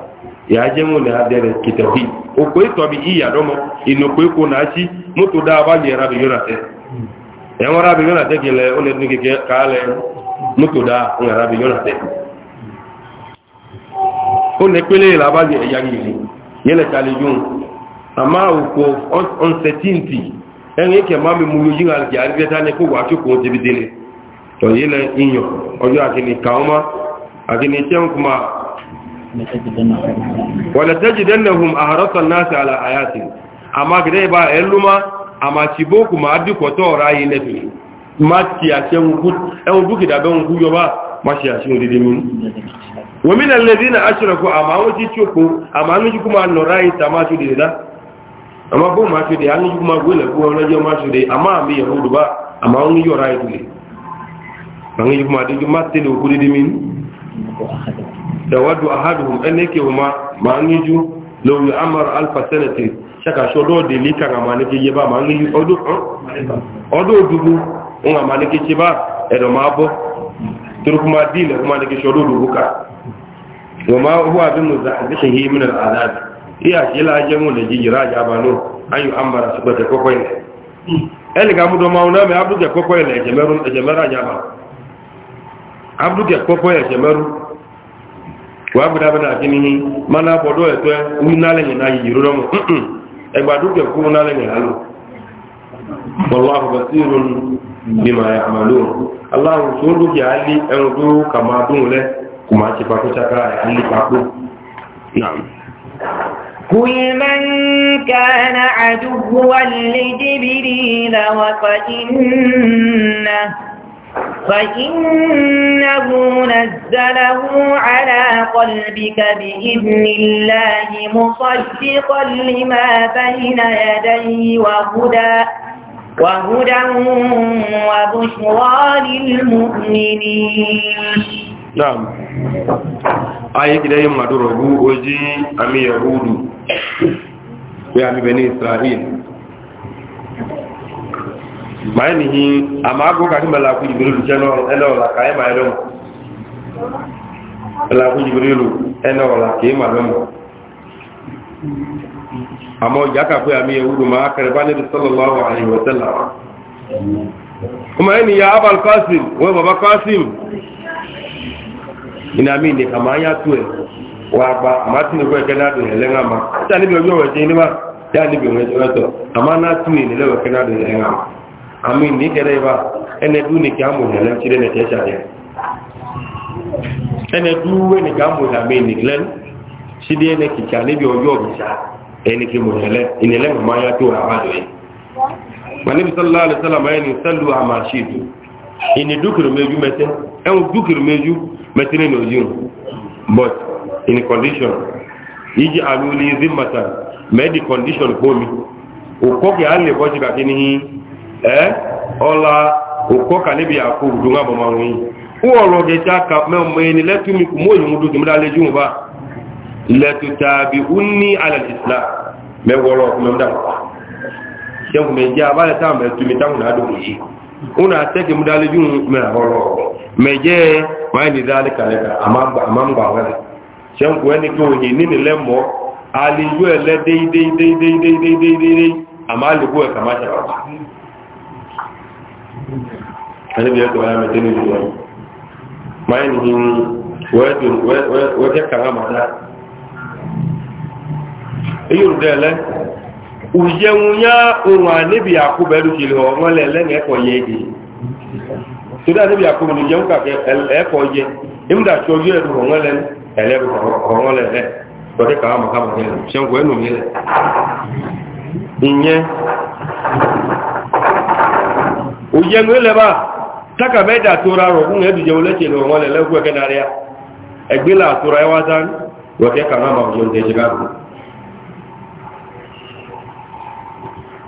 ya je mu na adere kitabi o koe to bi ya do mo ino ko ko na chi moto to a ba yera bi yora te e mo ra bi yora te kile one le keke ke kale mo to da o ra bi yora te o ne pele la ba ye ya ni ye le kale jun ama o ko uncertainty en ke ma mi mu yi ngal ki ari ta ne ko wa ti ko te bi dele to ye le inyo ojo akini kauma akini tem kuma wala tajidannahum ahrasan nasi ala ayatin amma gidai ba ayyuma amma ciboku ma adiko to rayi ne fi ma ti ase nku e un duki da be nku yo ba ma ti ase odide mi wa min alladhina ashraku amma wuti chuku amma nuji kuma no rayi ta ma ti dida amma bo ma ti de anu kuma gole ko ona jo ma ti de amma mi yahudu ba amma un yo rayi tuli ngi kuma de ma ti de ku dide mi dawadu a ene ke uma maniju law yu'amar alfa sanati shaka shodo de lika ga manike yeba maniju odu odu dubu nga manike ba edo mabo turkuma kuma nake shodo dubu ka wama huwa bi muzahzihi min al'adab iya shila jamu amara kokoi ele ga me kokoi le jemera kokoi le wàá gbọdọ abẹ náà kíni yín máa náà bọdọ ẹtọ ẹ wí nálẹ yẹn náà yìí ti قل من كان عدوا لجبريل وفإنه فإنه نزله على قلبك بإذن الله مصدقا لما بين يديه وهدى وهدى وبشرى للمؤمنين نعم آية كده يوم مدربو أجي أمي يهود ويعني بني إسرائيل maa ni hin a maa ko kaki malaku jibirilu cɛ ɛnɛ o la ka e ma yɛlɛ mu malaku jibirilu ɛnɛ o la k'e ma yɛlɛ mu a ma ja ka foyi a mi yahudu ma kɛrɛba ne bi sallallahu alaihi wa sallam kuma e ni ya abal kasim o baba kasim ina mi ne kama an y'a to yɛ wa gba a ma ti ne ko yɛ kɛ n'a don yɛ lɛ ŋa ma sisan ne bi yɔ yɔ wɛ tiɲɛ ne ma sisan ne bi yɔ wɛ tiɲɛ tɔ a n'a tu yɛ ne lɛ wɛ kɛ n'a yɛ lɛ ŋa ma àmì ní gẹ̀rẹ́ ìwà ẹnẹ̀dú ní kí a mọ̀ ìrìnlẹ́ tí lẹ́nẹ̀ tẹ́ṣà rẹ̀ ẹnẹ̀dú wé ní kí a mọ̀ ìrìnlẹ́ ìnìlẹ́ sí dé ẹnẹ̀ kìkà níbi ọjọ́ ọ̀gbìsà ẹni kí mọ̀ ìrìnlẹ́ ìnìlẹ́ mọ̀ ya tó rà wájú ẹ̀ màníbi sọ́lá alẹ́sọ́lá máa ní sẹ́lú àmàṣìdù ìní dúkìrì méjú mẹ́tẹ́ ẹ̀hún dúkìrì méjú mẹ́tẹ́ nínú ojú but in condition yíjí àlú ní zimmata mẹ́ẹ̀dì condition kómi òkọ́kì á lè bọ́ sí kàkí e ọla ụkọ ka nebi akwụ udu nwa agbamanwụ ụọrụ ga-eche aka mmemme ni letu miku mo yi mudu jimda leji mba tabi unni alal islam me wọrọ ọkụ mda sẹ́kùn mẹ́jẹ́ abáyẹ táwọn mẹ́tú mi táwọn náà dùn anabi ya kawai mai tani zuwa ma yi nihin wajen kan amada eyi rudẹ lẹ ujẹun ya ohun anabi akuba ẹrù kiri ọmọ lẹ lẹni ẹkọ yẹ ege torí anabi akuba ni ujẹun kàkẹ ẹkọ yẹ emuda tso yẹ ẹrù ọmọ lẹ ẹlẹbi ọmọ lẹ lẹ tọdẹ kan amaka mọ lẹ sẹnkọ ẹnu mi lẹ ìyẹn òjẹ̀gbé lẹ́bà tákàmẹ́dà tó ra rọ̀ fún ẹ̀dùjẹ̀ olẹ́kẹ̀ lọ wọn lẹ́lẹ́gbẹ́ ẹ̀kẹ́dàríà ẹgbẹ́lá àtúra ẹwà tán wọ́kẹ́ kà máa bàbá jẹun tẹ́ṣẹ́ káàkùn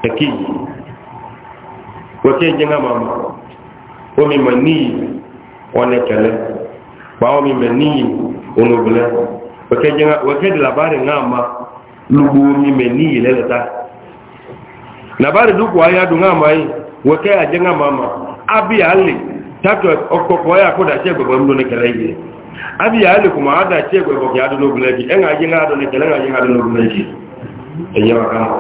ẹ̀kí wọ́kẹ́ jẹ́ náà màmá omi mọ̀ níyì ọ̀nà kẹlẹ́ pa omi mọ̀ níyì onobulẹ́ wọ́kẹ́ dì labari lugbo omi mọ̀ níyì lẹ́lẹ́ta labari dúkù ayádùn náà máa yìí wọ́kẹ́ àjẹ́ngà mama abíyàálì tàtọ̀ ọkọ̀kọ̀ ya kó dàṣẹ́ ẹgbẹ̀gbẹ̀ mú ní kẹlẹ̀ yìí abíyàálì kùmà á dàṣẹ́ ẹgbẹ̀gbẹ̀ yàdó ní obìnrin yìí ẹ̀ngà àjẹ́ngà àdó ní kẹlẹ̀ àjẹ́ngà àdó ní obìnrin yìí ẹ̀yẹ́ wà káàmù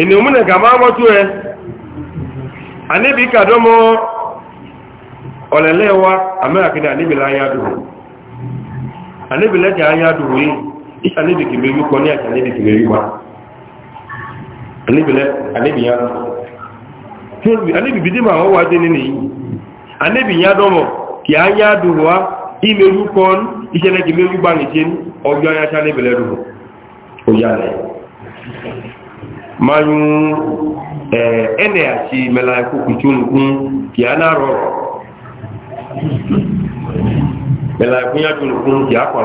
ìní òmìnà kàmá mọ́tú ẹ aníbi kàdọ́mọ́ ọ̀lẹ̀lẹ́wà amẹ́ràkínà aníbi láyádùn aníbi lẹ́kẹ̀ ayádùn yìí isa níbi kìmí yú kọ ní àti níbi kìmí yú wa aníbìlẹ aníbìyàn aníbìbìdì máa wọ́n wá dé nínú yìí aníbìyàn dọ́mọ̀ kì á yá dùn wá ìmẹ̀ yú kọ́ iṣẹ́ lẹ́kì mẹ́ yú bá ní ṣe ọjọ́ ayáṣá níbìlẹ̀ dùn ó yá rẹ̀ máa yún ẹnẹ̀ àti mẹ́la ẹkú kùtùnkún kì á náà rọrọ̀ mẹ́la ẹkú yá dùn kún kì a kọ̀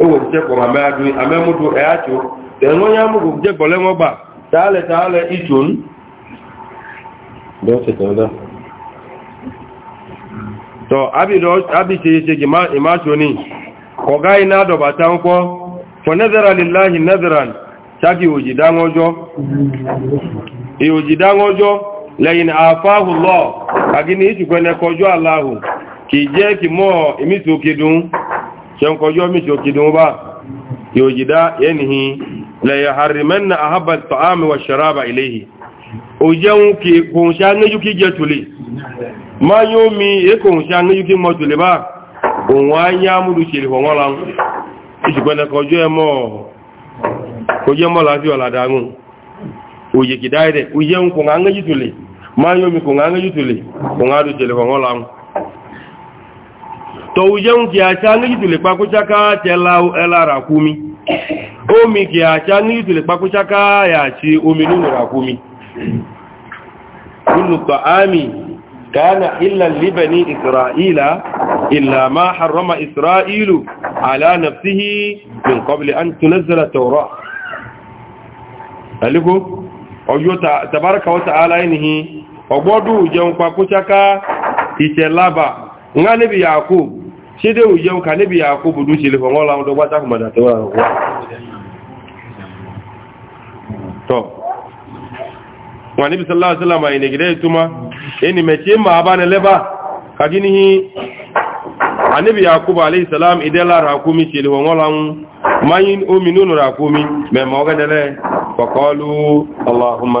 onwere chekwa ma meadu amemdu eacho tenu onye amụgụ jekpọle nwọgba taale taale ichun tọ abicheche gị imachoni ọ gaghị na-adọbata nkwọ fọnezara lillahi nezeran chagi iojidangọjọ lẹ́yìn àfáhù lọ àgíní ìtùkwẹ́nẹ́kọjọ́ aláhù kìí kyanko yomi shoki dun ba yojida yanhi la yahrimanna ahabba at-ta'ami wash-sharaba ilayhi ojeun ki kun sha nju ki jetuli ma ba on wa nya mudu shiri ho ngolan isigbona ko jo emo ko je mo ma yomi kun jutuli kun tọ̀wù jẹun kì àṣá ní ìtìlẹ̀ pakúṣáká tẹ́lá ẹlára kúmi omi kì àṣá ní ìtìlẹ̀ pakúṣáká àyàṣí omi nínú ràkúmi nínú tọ̀ámi kàánà illan libani isra'ila illa ma harrama isra'ilu ala nafsihi min qabli ìṣẹ̀lába nga níbi yakub ṣédé òye ọkà níbi àkóbò ló ṣe lè fọ́n láwọn ọdọ́ wátákù mọ̀dá tó wà wọ́n tọ́ wọn níbi sallásílámà ìnìgidẹ́ ìtumá ẹni mẹ̀ṣẹ́ ma a bá ní lẹ́bà kàgí ní a níbi àkóbò aléìsàlám ìdẹ́lá omi nínú ràkúmi mẹ́mọ́ ọgẹ́dẹ́lẹ́ fọ́kọ́lù allahumma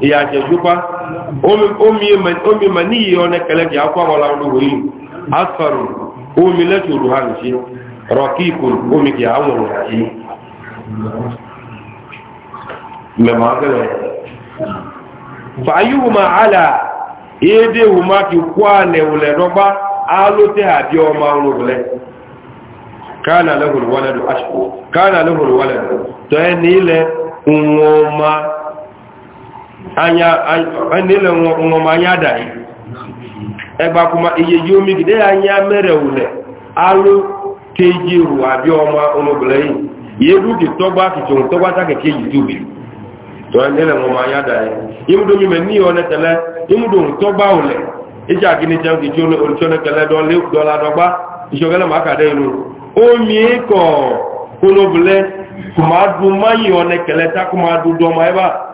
ya jejukwa omi ma n'ihi ọ na-ekele ji akwa wala ọlụwo ilu asọrọ omi lechuru ha nchi ikuru omi ji anwụrụ ha ji mmemme agịrị fayuhu ma ala ede wuma ki kwa ne wule dọgba alute ha bi ọma wule kana lehuru waledu ashko kana lehuru waledu to ẹni e ilẹ̀ nwa ọma anya anile ngoma anya dai egba kuma iye yomi gide anya mere ule alu teji ru abi oma onobulei yedu ki togba ki tun togba ta ke youtube to anile ngoma anya dai imudo mi meni one tele imudo togba ule ija gini jam ki jolo olchone kele do le dola dogba isogele maka de nu omi ko onobule kuma du mayi one kele ta kuma du do ma eba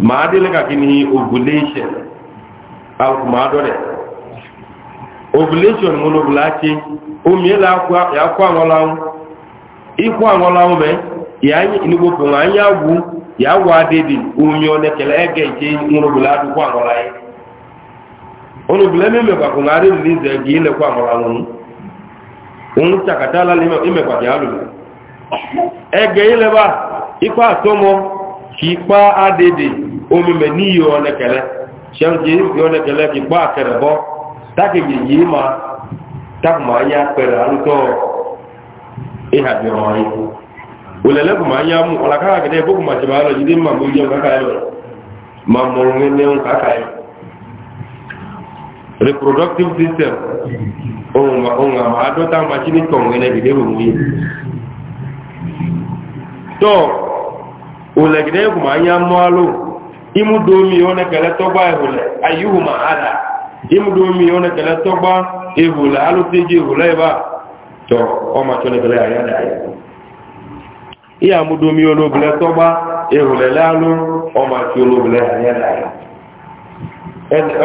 maa de la ka ni ovulation maa dɔ dɛ ovulation ŋolo bila tse omi la y'a kó aŋɔ la ŋu i kó aŋɔ la mɛ y'a ni ko ŋa y'a wu y'a di ne kɛlɛ ɛgɛ tse du aŋɔ la yɛ mi mɛ ŋa zɛ gi le aŋɔ la ŋu tsakata la li mɛ ɛgɛ yi lɛ kikpa adịdị omume n'ihi onekele chenji isi onekele kikpa akịrịbọ takịgị yi ma takụma anya kpere arụtọ ịhabi ọyị olele kụma anya mụ ọla kaka gịdị ebe kụma chebe alọ jide mma mụ ije kaka ya ma mụrụ nne nkaka ya reproductive system onwa ma adọta ma chineke onwe na gịdị bụ nwunye olegide egwu ma anya mmụ alụ ịmụdo omi one kele tọgba ehule ayịhụ ma tọgba a tọ ọmachọ nekele ya ya da ya ihe amụdo omi one obule tọgba ehule lalụ ọmachọ ole obule ya ya da ya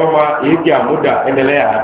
ọma eke amụda enele ya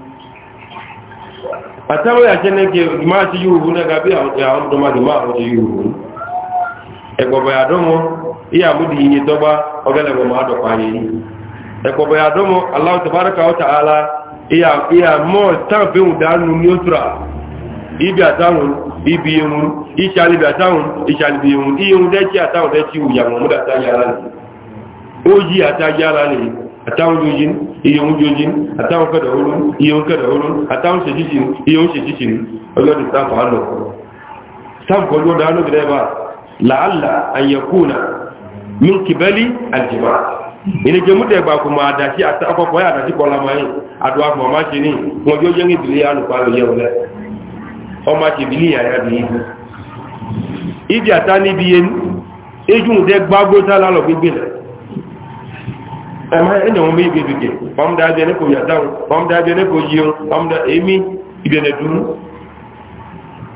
àtàwọn àjẹ́nẹ́gẹ́ máa ti yóò hún ẹgbà àwọn ọdọ́mọdé máa wọ́n ti yóò hún ẹgbọ̀bọ̀ àdọ́mọ́ iya iye tọ́gbá ọgẹ́lẹ̀gbọ̀ máa yìí ala iya mọ́ tàbíhùn dánú ní òtúrà ibi ibi ehun ìṣàlìbì àtàwọn ìṣàlìbì ehun ihun dẹ́kí àtàwọn àtàwọn yóyin iyeun yóyin àtàwọn kẹdà orun iyeun kẹdà orun àtàwọn ṣèjìṣìn iyeun ṣèjìṣìn ọlọ́dún sáfà á lọ sáfà ọjọ́ ọdọ alóbìnrin bá làálà àyẹ̀kúnà mínkìbẹ́lì àjìmá ìnìjẹ mú tẹ̀gbà kò máa dàsí àkọ́kọ́ yà dàsí kọ́ lamọ́ yìí àdúrà kò máa ṣe ní wọn ya jẹ́ ìbílẹ̀ alùpàá lóye ya ibi ẹ̀mọ́ ẹ̀yẹ̀ wọn bí gbèdúgbè ọmọdé abẹ́ ní kò yàtàwọn ọmọdé abẹ́ ní kò yíyan ọmọdé èmi ìbẹ̀rẹ̀ dùn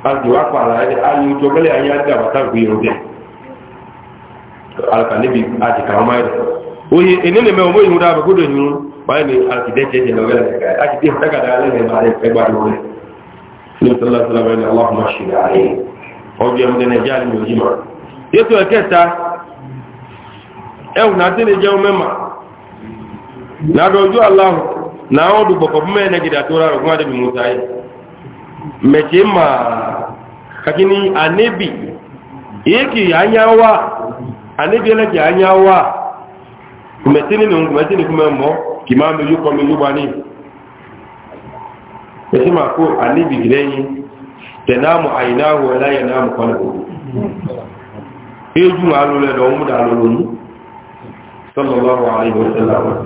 àdìwápa àlàyé ayélujára ayé àdìgbàbàtà gbìyànjú jẹ́ alùpàdébì àdìkà ọmọ ẹ̀rọ oye enene mɛ omo ihun dabe kodo ihun maa ni akidɛtɛ jɛ lɔbɛ lɛ o na doju allah na odu boko me ne gida tora ro ngade bi musa yi me ma kakini anebi yeki anyawa anebi le ki anyawa kumetini ni kumetini kimambe ko anebi gilenyi tenamu ainahu wala yanamu qalbu eju alu do mu da lo lu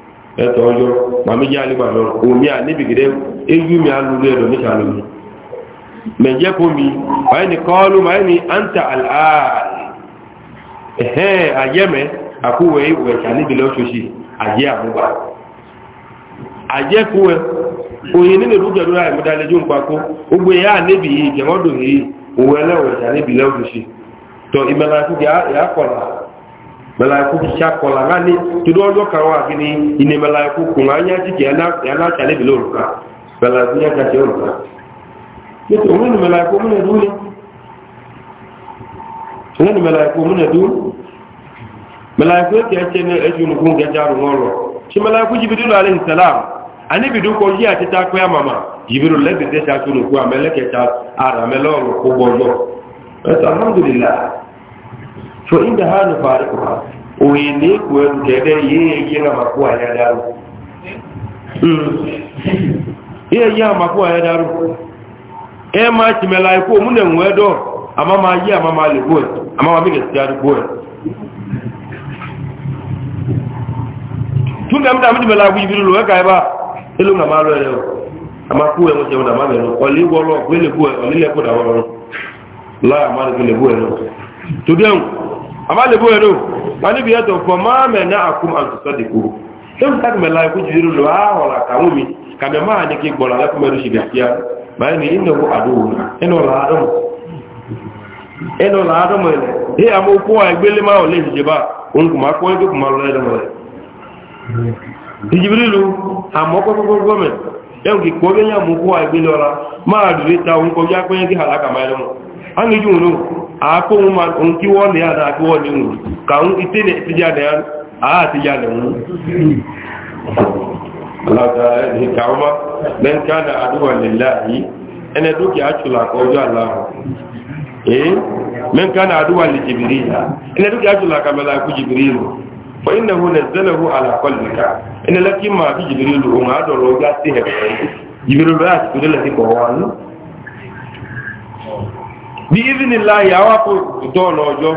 ẹtọ ọjọ màmí jẹ alẹgbàjọ omi à níbi gẹdẹ ewu mi alulu ẹdọ ní sàlẹ mi mẹjẹ báyìí ni kọlu báyìí ni anta alaali ẹhẹn ayẹmẹ àkúwẹ ìwẹ sàníbi lọsọsì ayé àmúgbà ayé kúwẹ oyin nínú ìdúgbẹdúró àìmúdálẹjọ ńpakó gbogbo ẹyà níbi yìí jẹmọdọ yìí òwẹlẹwẹ sàníbi lọsọsì tọ ìmẹlẹ àti ìyá kọlà. malayiku kisa kɔla nga ni todo ɔjɔ kan wa kini ine malayiku kun nga nya ti yana yana tali bi lori kan malayiku nya ka se olu kan ne to ŋun ni malayiku mun na du ne ŋun ni malayiku mun na du malayiku yɛ kɛ tiɛ ne esu nu kun kɛ jaaru ŋɔlɔ si malayiku jibiru la ale salam ani bi du ko yi a ti taa kpɛ mama jibiru lɛ bi de ta sunu kun a mɛ lɛ kɛ taa ara mɛ lɛ ɔlɔ ko bɔ jɔ ɛsɛ alhamdulilayi so inda hannu farikuwa oye ne kuwa gẹ̀gẹ̀ yíye yíra makú àyà dáró yíye yíra makú àyà dáró ẹ máa ti mẹ́la ikú múnẹ̀ ń wẹ́dọ̀ a máa máa yí a máa máa lè bóẹ̀ a máa máa bíkẹ̀ sí àdúgbò ẹ̀ tún kẹ́ mítà mítà mẹ́la ikú ìbílú lò ẹ́ka ẹbá ilú nà máa lọ ẹ̀rẹ́ a máa kú ẹ̀wọ̀n jẹun nà máa bẹ̀rẹ̀ ọ̀lẹ́ wọ́lọ́ ọ̀gbẹ́lẹ̀kú ẹ̀ ọ̀lẹ́lẹ́kú nà wọ́lọ́ láà máa lè amalibu ẹ̀rọ manibi ẹ̀tọ̀ fọ máa mẹ́nà àkúm àtúnṣàdìkú na tàbí mẹ́la ikú jìdí lọ àwọ̀lá kàwọn mi kàmẹ máa ní kí gbọ́nà lẹ́kùnmẹ́rù ṣe gàfíà báyìí ní ìnáwó àdúgbò ẹnà ọ̀làádọ́mọ̀ amu ní àmọ́ okó àìgbélé máa lè ṣe bá òun kò máa kọ́ ẹgbẹ́ kò ma lọ́lẹ́dọ̀mọ̀ rẹ̀ ìjìbìrìlú àmọ́ kọ́kọ́kọ́ gọ́mẹ̀ ẹ̀hùn kìkọ́ bẹ́yà mọ́ okó àìgbélé ọ̀la máa dùn akó ah, ma ń kí wọ́n lè àdá akó wọ́n lè wù kàún ìtẹ́lẹ̀ ìtìjáde àátìjáde wù kàwọ́má lẹ́nkádà àdúwà lè láàáyí ẹnẹ dúkìá ṣùlọ àkọjọ́ aláhùn èé mẹ́nkádà àdúwà li jìbìrí ẹnẹ dúkìá ṣùlọ àkàmẹ́lá ikú jìbìrí lò fọ́ iná hu lè zẹ́lẹ̀ hu àlàkọ́lùkà ẹnẹ lẹ́kí máa bí jìbìrí lò òun àádọ́rọ̀ ọjọ́ sí ẹ̀kọ́ jìbìrí lò láti kúrẹ́lẹ̀ sí kọ̀ọ̀wá náà bí ìdíni láyé àwọn kò dọ́ọ̀nà ọjọ́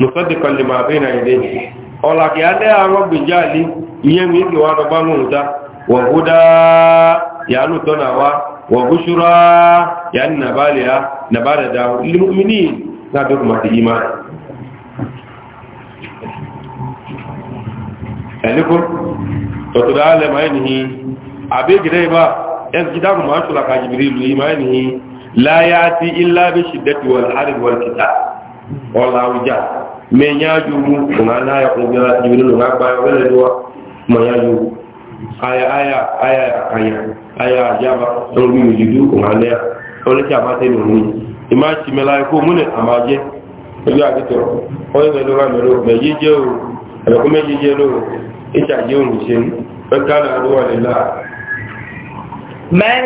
mùsọ́dìkan lè máa bẹ́ẹ̀ náà ilé ọ̀làkì alẹ́ àwọn gbèjà àlè ìyẹn mi kì wá dọ́gbá lóhùn dá wọ̀n kú dá yàánù tọ́nà wa wọ̀n kú ṣúra yàánù nàbàlẹ̀ á nàbàlẹ̀ dá mi ní lábẹ́ kò máa ti yí máa. ẹ̀lẹ́kọ́ tọ̀tọ̀dá alẹ́ la yati illa bi shiddati wal arid wal kitab wala me nyaaju mu na ya ko ga jibril ya wala do ma nyaaju aya aya aya aya aya jaba to mi jidu na ya to le jaba te ni ima me ko mu ne amaje o ya ke to o ye do me ko me ka na do wa le من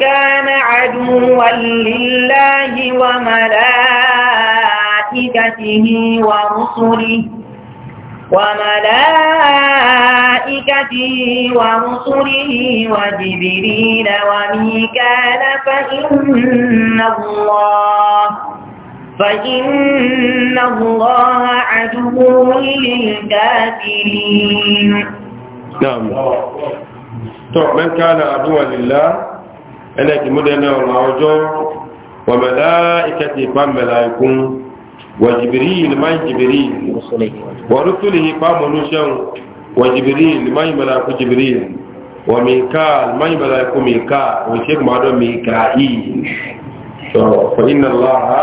كان عدوا لله وملائكته ورسله وملائكته ورسله وجبريل وميكال فإن الله فإن الله عدو للكافرين نعم tó mẹ́kànlá àdúwà lílá ẹlẹ́kì múdẹ́nà ọ̀nà ọjọ́ wàmẹ̀lá ìkẹtì ìpamẹ̀lá ikún wàjìbìrí ìlúmáì jìbìrí wàrútùlì ìpamọ̀nú sẹ́wọ̀n wàjìbìrí ìlúmáì mẹ́lá ikú jìbìrí wàmíkà ìlúmáì mẹ́lá ikú míkà òṣèlú mọ́dọ̀ míkà yìí tó fọ́nà láha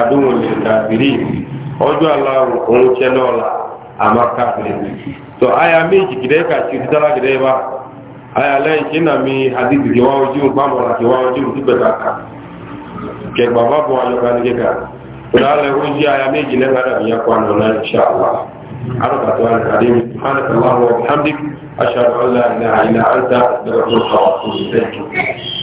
àdúwà lílá bìrí ọjọ́ aláwọ̀ òun tẹ́ náà la àmà káàkiri tó àyà méjì gidẹ́ kà ayala ìkínà mi hadithi kíwá ojú gbàmọ̀lá kíwá ojú ìpẹ̀ta ká kẹgbà bá bọ̀ ayọ̀ká ní kíkà ìdálẹ̀ ojú aya méjì lẹ́gbàdà ìyá kwanu náà ṣàlá arọ́kàtọ̀ àrẹ̀kàdé subhanahu wa bihamdik ashhadu an la ilaha illa anta astaghfiruka wa atubu ilayk